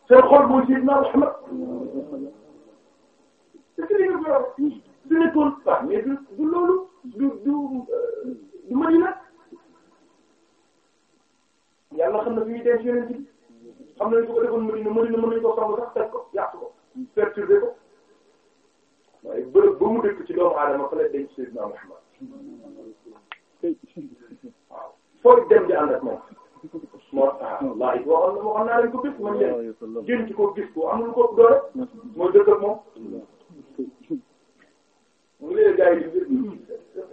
seen xol mooy Seydina Muhammad c'est que li nga ko wax su nekkoon du du du Madina yàlla xam na fi ñuy denc yeneen ci xam nañ su ko defoon Madina Madina mën nañu koo song sax teg ko yàq ko perturbé ko waaye bërëb ba mu dëkk ci doomu aadama fa la denc Seydina Muhammad waaw fooy dem di ànd ak moom moo tax wallahi na waxoon naa leen ko gis man de gën ci ko gis ko mu ne gars yi ñu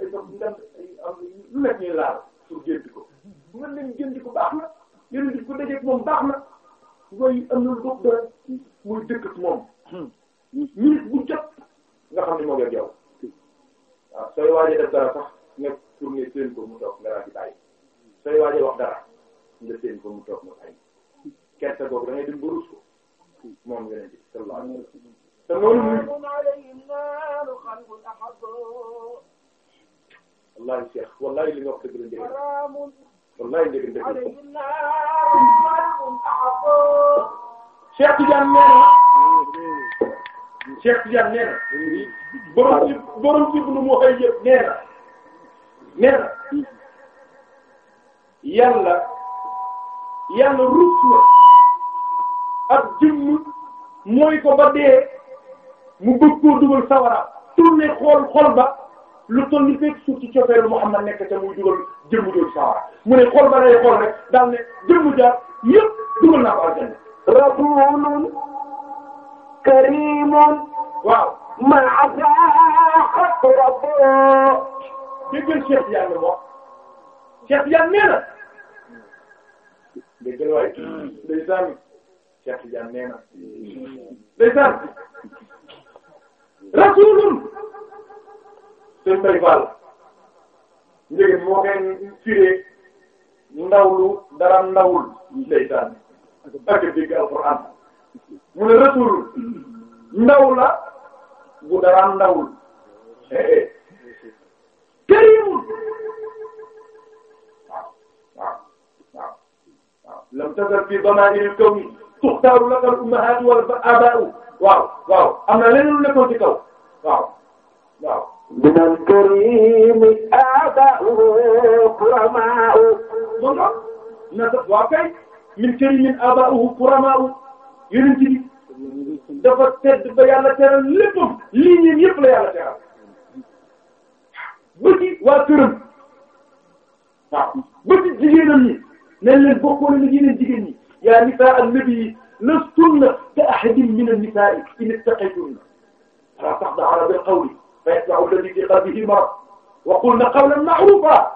ay dox ndànk ay am lu nekk ñuy laal pour gént ko mën nañ gént ko baax na yéen di ko dajeeg moom baax na yooyu am na lu doog dara muy dëkk ak moom. minute bu jot nga xam ne moo ngi ak yow. waaw sooy waaj def dara sax nga tourné seen ko mu toog nga daal di bàyyi sooy waaj wax dara nga seen ko mu toog mu bàyyi. gerte googu da ngay dem ba ruus ko moom nga leen di sallallahu alayhi wa sallam te loolu muy. wallaahi Cheikh wallaahi li nga wax dëgg la njëriñ wallaahi njëriñ dëgg la. Cheikh Tidiane nee na. Cheikh Tidiane nee na. borom ci borom ci nu mu waxee yëpp nee na. nee na. yàlla. yàlla rus na. ak jëmm mooy ko ba dee. mu bëgg koo dugal sawara tourné xool xol ba lu toll ni fekk suuf ci cofeelu Muhammad nekk ca muy dugal jëmmu jooju sawara mu ne xol ba day xool rek daal ne jëmmu jaar yëpp dugal naa ko aljanna. rasulun karimun waaw man asaa rabbahu. déggal Cheikh Yann wax Cheikh Yann nee na. déggal waay. Hmm. ndeysaan Cheikh Yann nee na. ndeysaan. rasulun suñ koy fal njëgën moo koy firé ndawlu dara ndawul seytaan ak dégg alquran mu ne rasul ndaw la bu dara ndawul karim lam tazal fi damaa'ir al-kawn tuxtaaru laka al-ummahaat wal abaa'u waaw waaw am na leneen lu nekkoon ci kaw waaw waaw min alkarimi aba'u kurama'u moom la na sax waa min karimin aba'u kurama'u yonent bi dafa tedd ba yàlla teral léppam lii ñeen yëpp la yàlla teral ba ci waa këram waaw ba ci jigéenam ñi nañ leen bokkoon la jigéen ñi yaa nisaa an-nabi lastunna ka ahadin min an-nisaa'i in ittaqaytunna falaa taxda'na bil qawli fa yatba'u alladhii fii qalbihi marad wa qulna qawlan ma'ruufan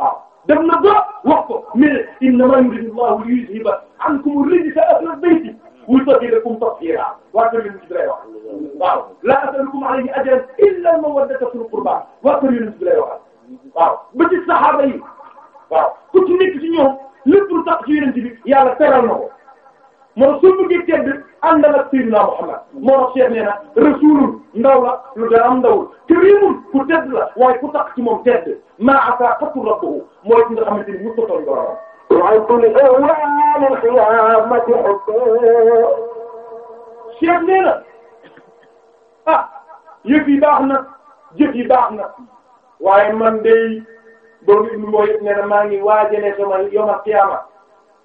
waaw dem na ba wax ko mais innamaa yuriidu Allahu liyuzhiba ankum ar-rijsa ahla al-bayti wa yutahhirakum tathiiraa waa kër Yonent bi lay wax waaw laa as'alukum alayhi ajran illaa al-mawaddata fil qurbaa waa kër Yonent bi lay wax waaw ba ci saxaaba yi waaw ku ci nekk ci ñoom lépp lu tax ci Yonent bi yàlla teral na ko. moom suñu bëggee tedd ànd ak Sayyidina Muhammad moo tax Cheikh nee na rasulul lu dara am ndawul karimun ku tedd la waaye ku tax ci moom tedd maa asaaqatu rabbuhu mooy ki nga xamante ni mu sotoon borom. waaye ku ne awwal al-qiyaamati Cheikh nee na ah yëf yi baax na jëf yi baax na waaye man de boobu mooy nee na maa ngi waajalee sama yawmal qiyaama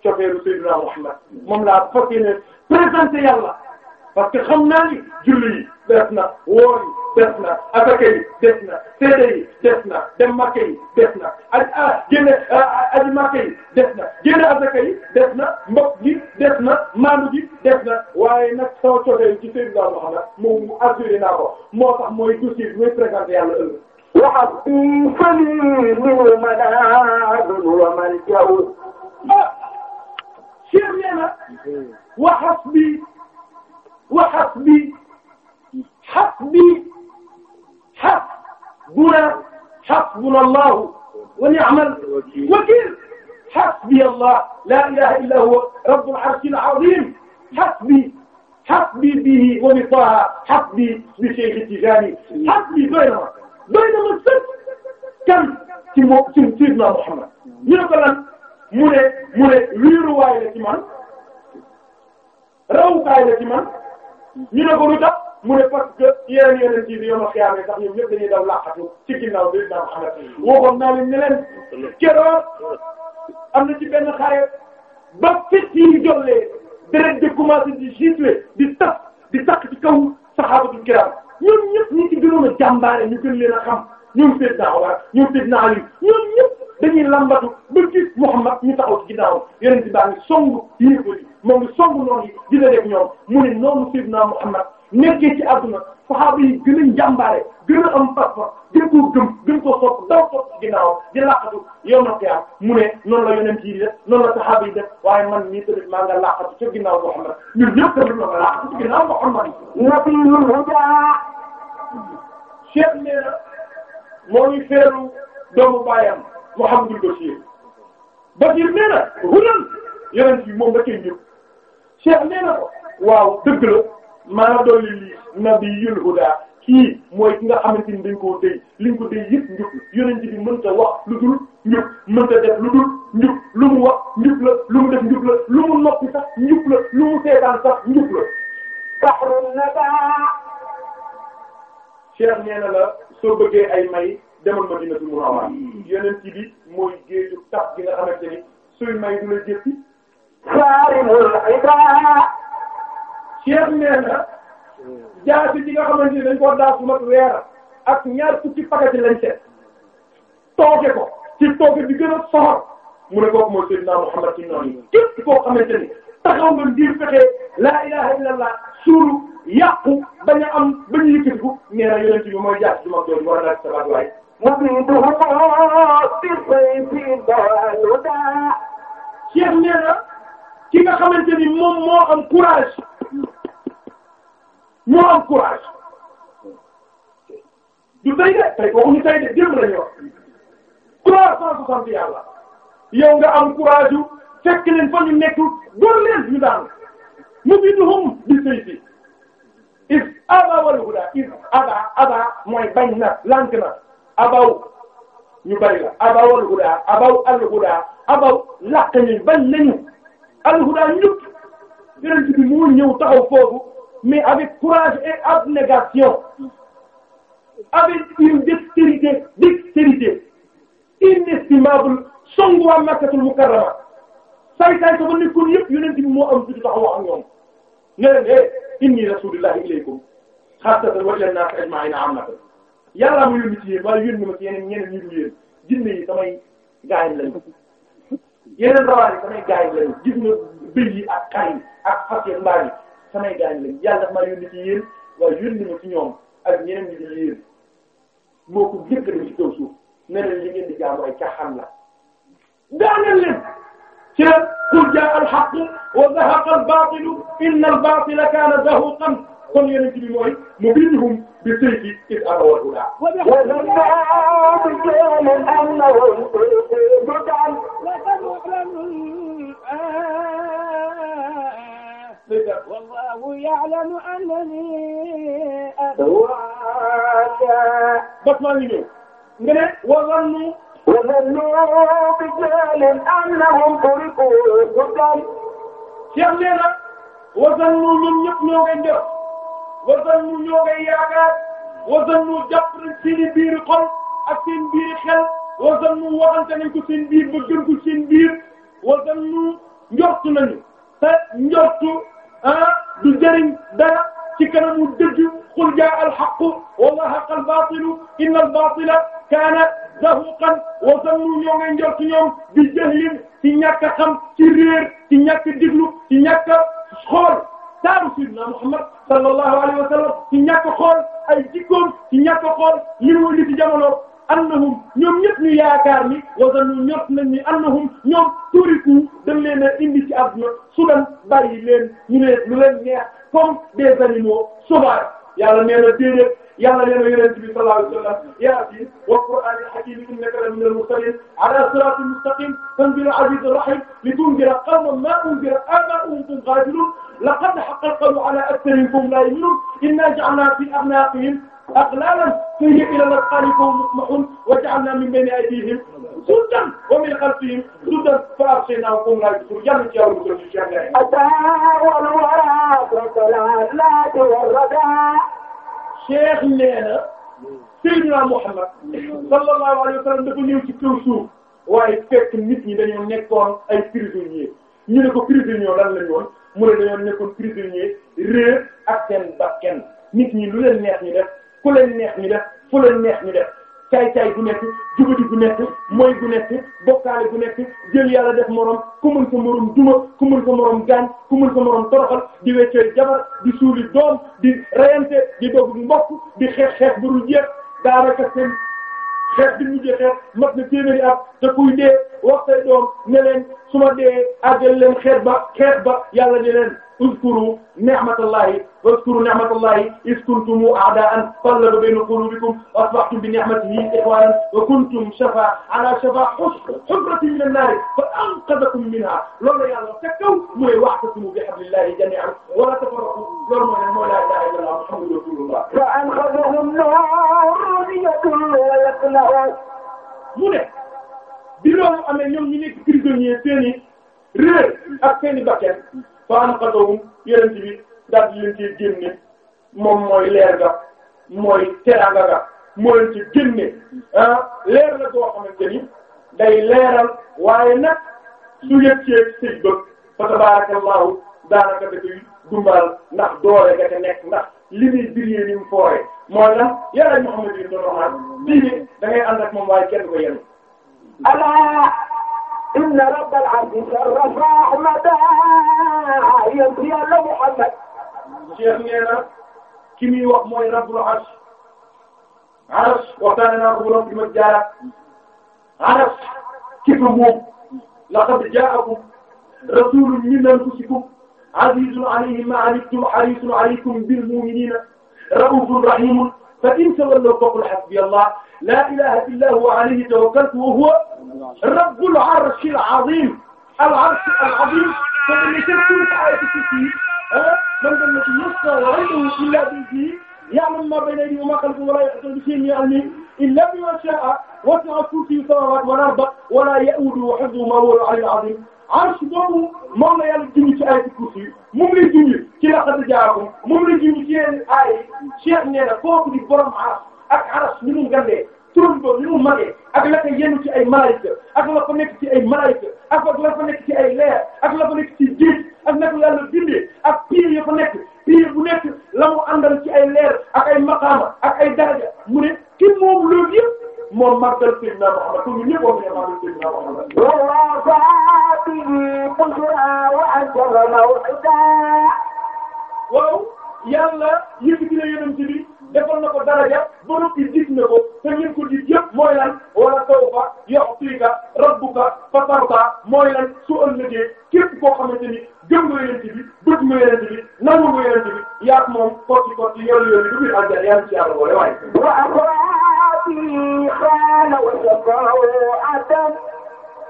cofeelu Seydina Muhammad moom laa fas yéene présenté yàlla parce que xam naa ni julli yi des na woor yi des na asaka yi des na seede yi des na dem Makka yi na ak ah génne ah, ah, aji Makka yi des na génne asaka yi na mbokk gi des na maandu gi des na waaye nag sama cofeel ci Seydina Muhammad moom mu assuré naa ko moo tax mooy dossier bi muy présenté yàlla ëllëg. waxaat. fali minhu Cheikh nee na wa hasbi wa hasbi hasbi hasbuna hasbuna Allah wa ni'mal wakiil hasbi Allah laa ilaaha illaa huwa rabbul arshil aziim hasbi hasbi bihi wa bi Taaha hasbi bi Cheikh Tijaani hasbi doy na ma doy na ma sëkk kan ci moo ci Seydina Muhammad ñu ne ko lan mu ne mu ne wéeruwaay la ci man rawukaay la ci man ñu ne ko lu tax mu ne parce que yeneen yeneen ci bi yoonu xiyaame sax ñoom ñëpp dañuy daw laqatu ci ginnaaw bi daaw xamal ne ci benn xare ba fit yi deret de commencé di gifler di tas di takk ci kaw saxaabatul kiram ñoom ñëpp ñi ci gënoon a jàmbaare ñu gën leen a xam ñoom Seydina Omar ñoom Seydina Ali ñoom ñëpp dañuy lambatu ba gis Muhammad ñu taxaw ci ginnaawam yeneen ci baa ngi songu yéefar yi moo songu noonu yi di la def ñoom mu ne noonu Seydina Muhammad nekkee ci àdduna saxaaba gën a gën a am pas gën koo gëm gën koo sopp daw sopp ci ginnaawam di laqatu yow na ko mu ne noonu la yonent yi def noonu la saxaaba yi def waaye man mii tamit maa nga laqatu ci ginnaaw Muhammad Muhammad nabiyul huda cheikh doomu baayam Muhammadul Bashir Bashir nee na hudan yonent bi moom da koy njëkk Cheikh nee na ko waaw dëgg la maa dolli lii nabiyul huda kii mooy ki nga xamante ni dañ koo déy liñ ko déy yëpp njub yonent bi wax lu dul njub mënta def lu dul njub lu mu wax njub la lu mu def njub la lu mu noppi sax njub la lu mu seetaan sax njub la baxru naba Cheikh nee la soo bëggee ay may demal Madinatul Munawwara yeneen ci bi mooy géeju tax gi nga xamante ni suy may du la jëppi saarimul nga xamante ni dañ koo daas mat weer ak ñaar fukki pakati lañ seet tooke ci tooke bi gën a soxor mu ne kooku mooy Seydina Muhammad ci noonu képp koo xamante ni taxaw nga diir fexee laa ilaha illallah suuru yàqu bañ a am bañ a yëkkatiku nee na yeneen ci bi mooy jaasi ju mag jooju war a daal ci sa baat waaye مبيده بصيف بالهدى Cheikh ki nga xamante ni moom moo am courage moo du tey de tey waxuñu tey de démb la ñu wax trois cent soixante yàlla yow yu fekk leen fa ñu nekk door leen ñu daan mubidhum is aba wal huda is aba aba mooy bañ na lank na abaw ñu bari la abaw alhuda abaw alhuda abaw làq ñi bañ nañu alhuda ñëpp yonent bi mu ñëw taxaw foofu mais avec courage et abnégation avec une dextérité dextérité inestimable songu waa Makkatul Mukarrama saytaay sama nekkoon yëpp yonent bi moo am fi taxaw ak ñoom ne inni rasulillahi ilaykum xaasatan wa ila naas ajma'ina am na yàllaa ma yónni ci waaye yónni ma ci yeneen ñeneen ñu dul yéen jinne yi samay gaay lañu yeneen rawaat yi samay gaay lañu gis nga bëy yi ak xar yi ak fas yi mbaar yi samay gaay lañu yàlla dafa maa yónni ci yéen waaye yónni ma ci ñoom ak ñeneen ñu dul yéen moo ko jëkkëriñ ci kaw suuf nee nañ li ngeen di jaamu ay caaxaan la daaneel leen ci qul jaa al haqq wa zahaqa al baatilu inna al baatila kaana zahuqan kon yeneen ci bi mooy mu bindihum bi sayfi is arawal huda wallahu ya'lamu annani adwaaka bas maa ngi ñëw nga ne wazannu wazannu bijalin annahum turiku hudan Cheikh nee na wazannu ñun ñëpp ñoo ngay def wa zannu ñoo ngay yaakaar wa zannu jàpp nañ seen i biir xol ak seen biir xel wa zannu waxante nañ ko seen biir ba gën ko seen biir wa zannu njortu nañu te njortu ah du jëriñ dara ci kanamu dëgg qul jaa al-haqqu wa zahaqa al-baatilu inna al-baatila kaana zahuqan wa zannu ñoo ngay njortu ñoom bi jahlin ci ñàkk a xam ci réer ci ñàkk a diglu ci ñàkk a xool taaru sayyidina Muhammad sallallahu alayhi wa sallam ci ñàkk xool ay jikkoom ci ñàkk xool li mu indi ci jamono annahum ñoom ñëpp ñu yaakaar ni wa zannu ñëpp nañ ni annahum ñoom turiku dañ leen a indi ci àdduna sudan bàyyi leen ñu ne lu leen neex comme des animaux sauvages yàlla nee na déedéet yàlla leen a yonent bi sallallahu alayhi wa sallam yaati wa qur'aanil hakiim innaka laminal mursaliin alaa siraatin mustaqiim tanziilal aziizir rahiim litundira qawman maa undira aabaa'uhum wa hum ghaafiluun laqad haqqa al-qawlu alaa aktharihim fahum laa yu'minuun innaa ja'alnaa fii a'naaqihim أغلالا فهي إلى الأذقان فهم مقمحون وجعلنا من بين أيديهم سدا ومن خلفهم سدا فأغشيناهم فهم لا يبصرون yàlla na ci yàlla musal ci Cheikh Ndiaye. Cheikh nee na Seydina Muhammad sallallahu alayhi wa sallam dafa ñëw ci kaw suuf waaye fekk nit ñi dañoo nekkoon ay prisonniers ñu ne ko prisonniers lan lañu woon mu ne dañoo nekkoon prisonniers réer ak seen bakkan nit ñi lu leen neex ñu def ku leen neex ñi def fu leen neex ñu def. caay-caay gu nekk jubadi gu nekk mooy gu nekk bokkaale gu nekk jël yàlla def morom ku mën sa morom duma ku mën sa morom gaañ ku mën sa morom toroxal di weccee jabar di suuli doom di reyante di dog mbokk di xeex xeex bu dul jeex daanaka seen xeex bi mujjee xeex mat na téeméeri at te kuy dee wax say doom ne leen su ma dee àggal xeex ba xeex ba yàlla ne leen uzkuru ni'matallahi uzkuru ni'matallahi iz kuntum a'da'an fallaba bayna qulubikum wa asbahtum bi ni'matihi ikhwanan wa kuntum shafa ala shafa hufratin min an-nar fa anqadhakum minha loolu yàlla ca kaw mooy wa'tasimu bi hablillahi jami'an wa la tafarraqu loolu mooy mooy la ilaha illa allah muhammadur rasulullah fa anqadhahum nariyatun wa yaqna'u mu ne bi loolu amee ñoom ñu nekk prisonnier seen i réer ak seen i bakkan fa am xatawum yonent bi daal di leen ci génne moom mooy leer ga mooy teraanga ga moo leen ci génne ah leer la boo xamante ni day leeral waaye nag su yëg ceeb sëñ ba fa tabarakallahu daanaka da koy dumbaal ndax doole ga te li muy biree ni mu mooy lan yàlla Muhammad bi doon wax diine da ngay ànd ak moom kenn ko yenu ala إن رب العرش شرف أحمد يمشي على محمد. Cheikh nee na ki muy wax mooy rabbul arsh arsh waxtaanee naa ko bu doon fi ma jaaraat arsh képp moom laqad jaa'akum rasulun min anfusikum azizun alayhi ma anittum harisun alaykum bil mu'minina ra'ufun rahimun fa in tawallaw faqul hasbiya Allah la ilaha illa huwa alayhi tawakkaltu wa huwa rabbul arshil azim al arsh al azim foofu ne seen tur bi ay ci fii ah man de nag yasta wa indahu illa bihi ya'lamu ma bayna aydihim wa ma khalfahum wa la yuhituna bi shay'in min ilmihi illa bima sha'a wasi'a kursiyyu samawati wal arda wa la ya'uduhu hifzuhuma wa huwa al aliyyul azim arsh boobu moom la yàlla junj ci ay ci kursi moom lay junj ci laqad ja'akum moom lay junj ci yenn ay Cheikh nee na kooku di borom aras ak aras ñu mu gandee turam boobu ñu ak la ko yenn ci ay malaayika ak la ko nekk ci ay malaayika ak la ko ci ay leer ak la ko nekk ci géej ak la ko yàlla bindee la mu ci ay leer ak ay maqaama ak ay daraja mu ne ki moom loolu yëpp moom màggal Seydina Muhammad pour ñun ñëpp wax waaw yàlla ci la yonent bi defoon na ko daraja ba noppi dig na ko te ngeen ko dig yëpp mooy lan wala sawfa yu'tika rabbuka fatarda mooy lan su ëllëgee képp koo xamante ni gëm nga yonent bi bëgg nga yonent bi nangu nga yonent bi yaat moom kotti kotti yoolu yoolu du muy àjjal yaa ngi ci yàlla boole waaye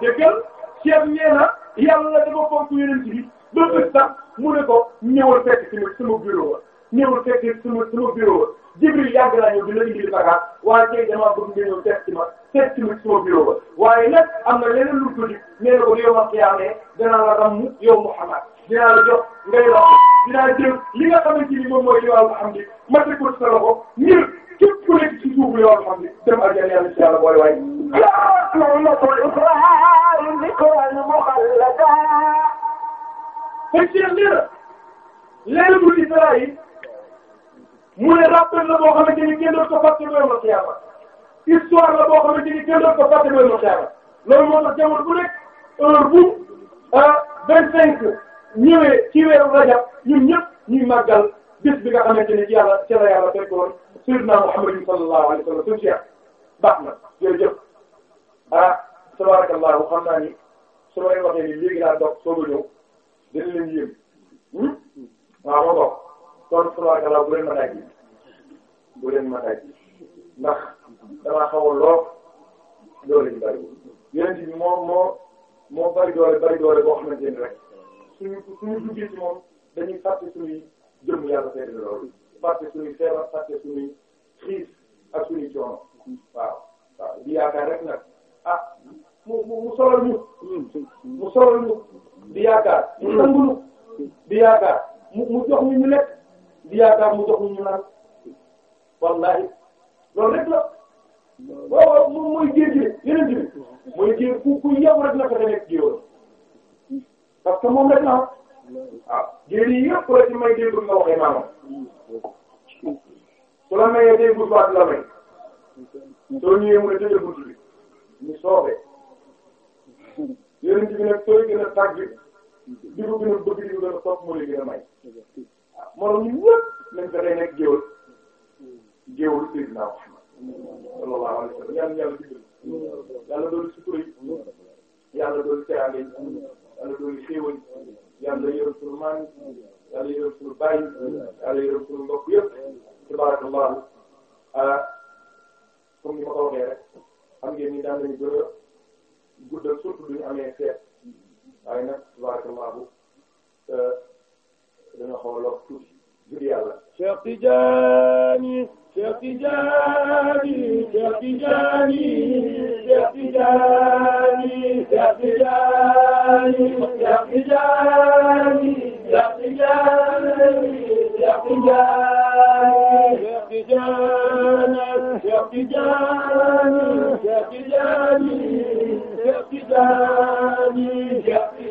déggal ceeb nee na yàlla dafa fonk yonent bi ba bés sax mu ne ko ñëwal fekk ci sama bureau ñëw fekkee sama sama bureau Jibril yàgg naa ñëw dina indil bagaas waaye tey damaa bëgg nga ñëw seet si ma seet waaye nag am na leneen lu tuuti nee na ko yow ma xiyaamee danaa la ramm yow Muhammad dinaa la jox ngay li nga xamante ni moom mooy yow alhamdi ma teg ko sa loxo ngir képp ku nekk ci suuf yow alhamdi dem aljanna yàlla ci yàlla boole waaye. te Cheikh nee na leeral bu Israa mu ne rappel la boo xamante ni kenn doon ko fàtte ba yomal xiyaama la boo xamante ni kenn doon ko fàtte ba yomal xiyaama loolu moo tax jamono bu nekk heure bu ah ci weeru rajab ñun ñëpp ñuy màggal bés bi ni ci yàlla ci la yàlla fekkoon sayyidina Muhammadin sallallahu alayhi wa sallam suñu Cheikh baax na ah, ni su may waxee ni léegi laa dox soo ko ñëw dina leen kon subaakala bu leen ma daj bu leen ma daj ndax damaa xaw a loo doole ji bari yéen ci moom moo moo bari doole bari doole boo xamante ni rek suñu suñu duggee ci moom dañuy fàtte suñuy jëm yàlla seetlu loolu fàtte suñuy feebar fàtte suñuy xiis ak suñuy coono waaw waaw di yaakaar rek nag ah mu mu mu solal mu solal ñu di yaakaar mu nangulu di yaakaar mu mu jox ñu ñu di yaakaar mu jox ñu naan wallahi loolu rek la waaw moom mooy géej gi de yeneen ji mooy géej ku ku yem rek la ko nekk géewoon parce que moom rek la ah waaw géej yi yëpp la ci may déglu nga waxee maanaam su la mayee déglu baat la may soo ñëwee mu ne tëjee buntu bi ñu soobee yeneen ji bi nag sooy gën a tàgg di ko gën a bëgg di ko gën a sopp moo lay gën a may. moroom ñun ñëpp nañ ko day nekk géwél géwél Seydina Muhammad sallallahu alayhi wa sallam yàlla yàlla digal yàlla doon sutura yi yàlla doon teraanga yi yàlla doon xéewal yàlla yërëm suñu maam yàlla yërëm suñu baay yàlla yërëm suñu mbokk yëpp tabarakallahu ah comme ni ma ko waxee rek xam ni daan nañu gën a guddal surtout duñu amee seet waaye nag tabarakallahu euh, dana xaw a lor tuuti ngir yàlla. Cheikh Tidiane Cheikh Tidiane Cheikh Tidiane Cheikh Tidiane Cheikh Tidiane Cheikh Tidiane Cheikh Tidiane Cheikh Tidiane Cheikh Tidiane Cheikh Tidiane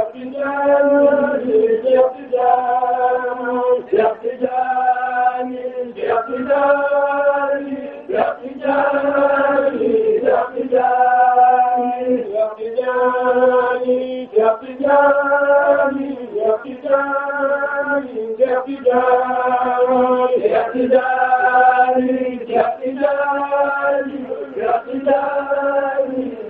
يا إلهي يا إلهي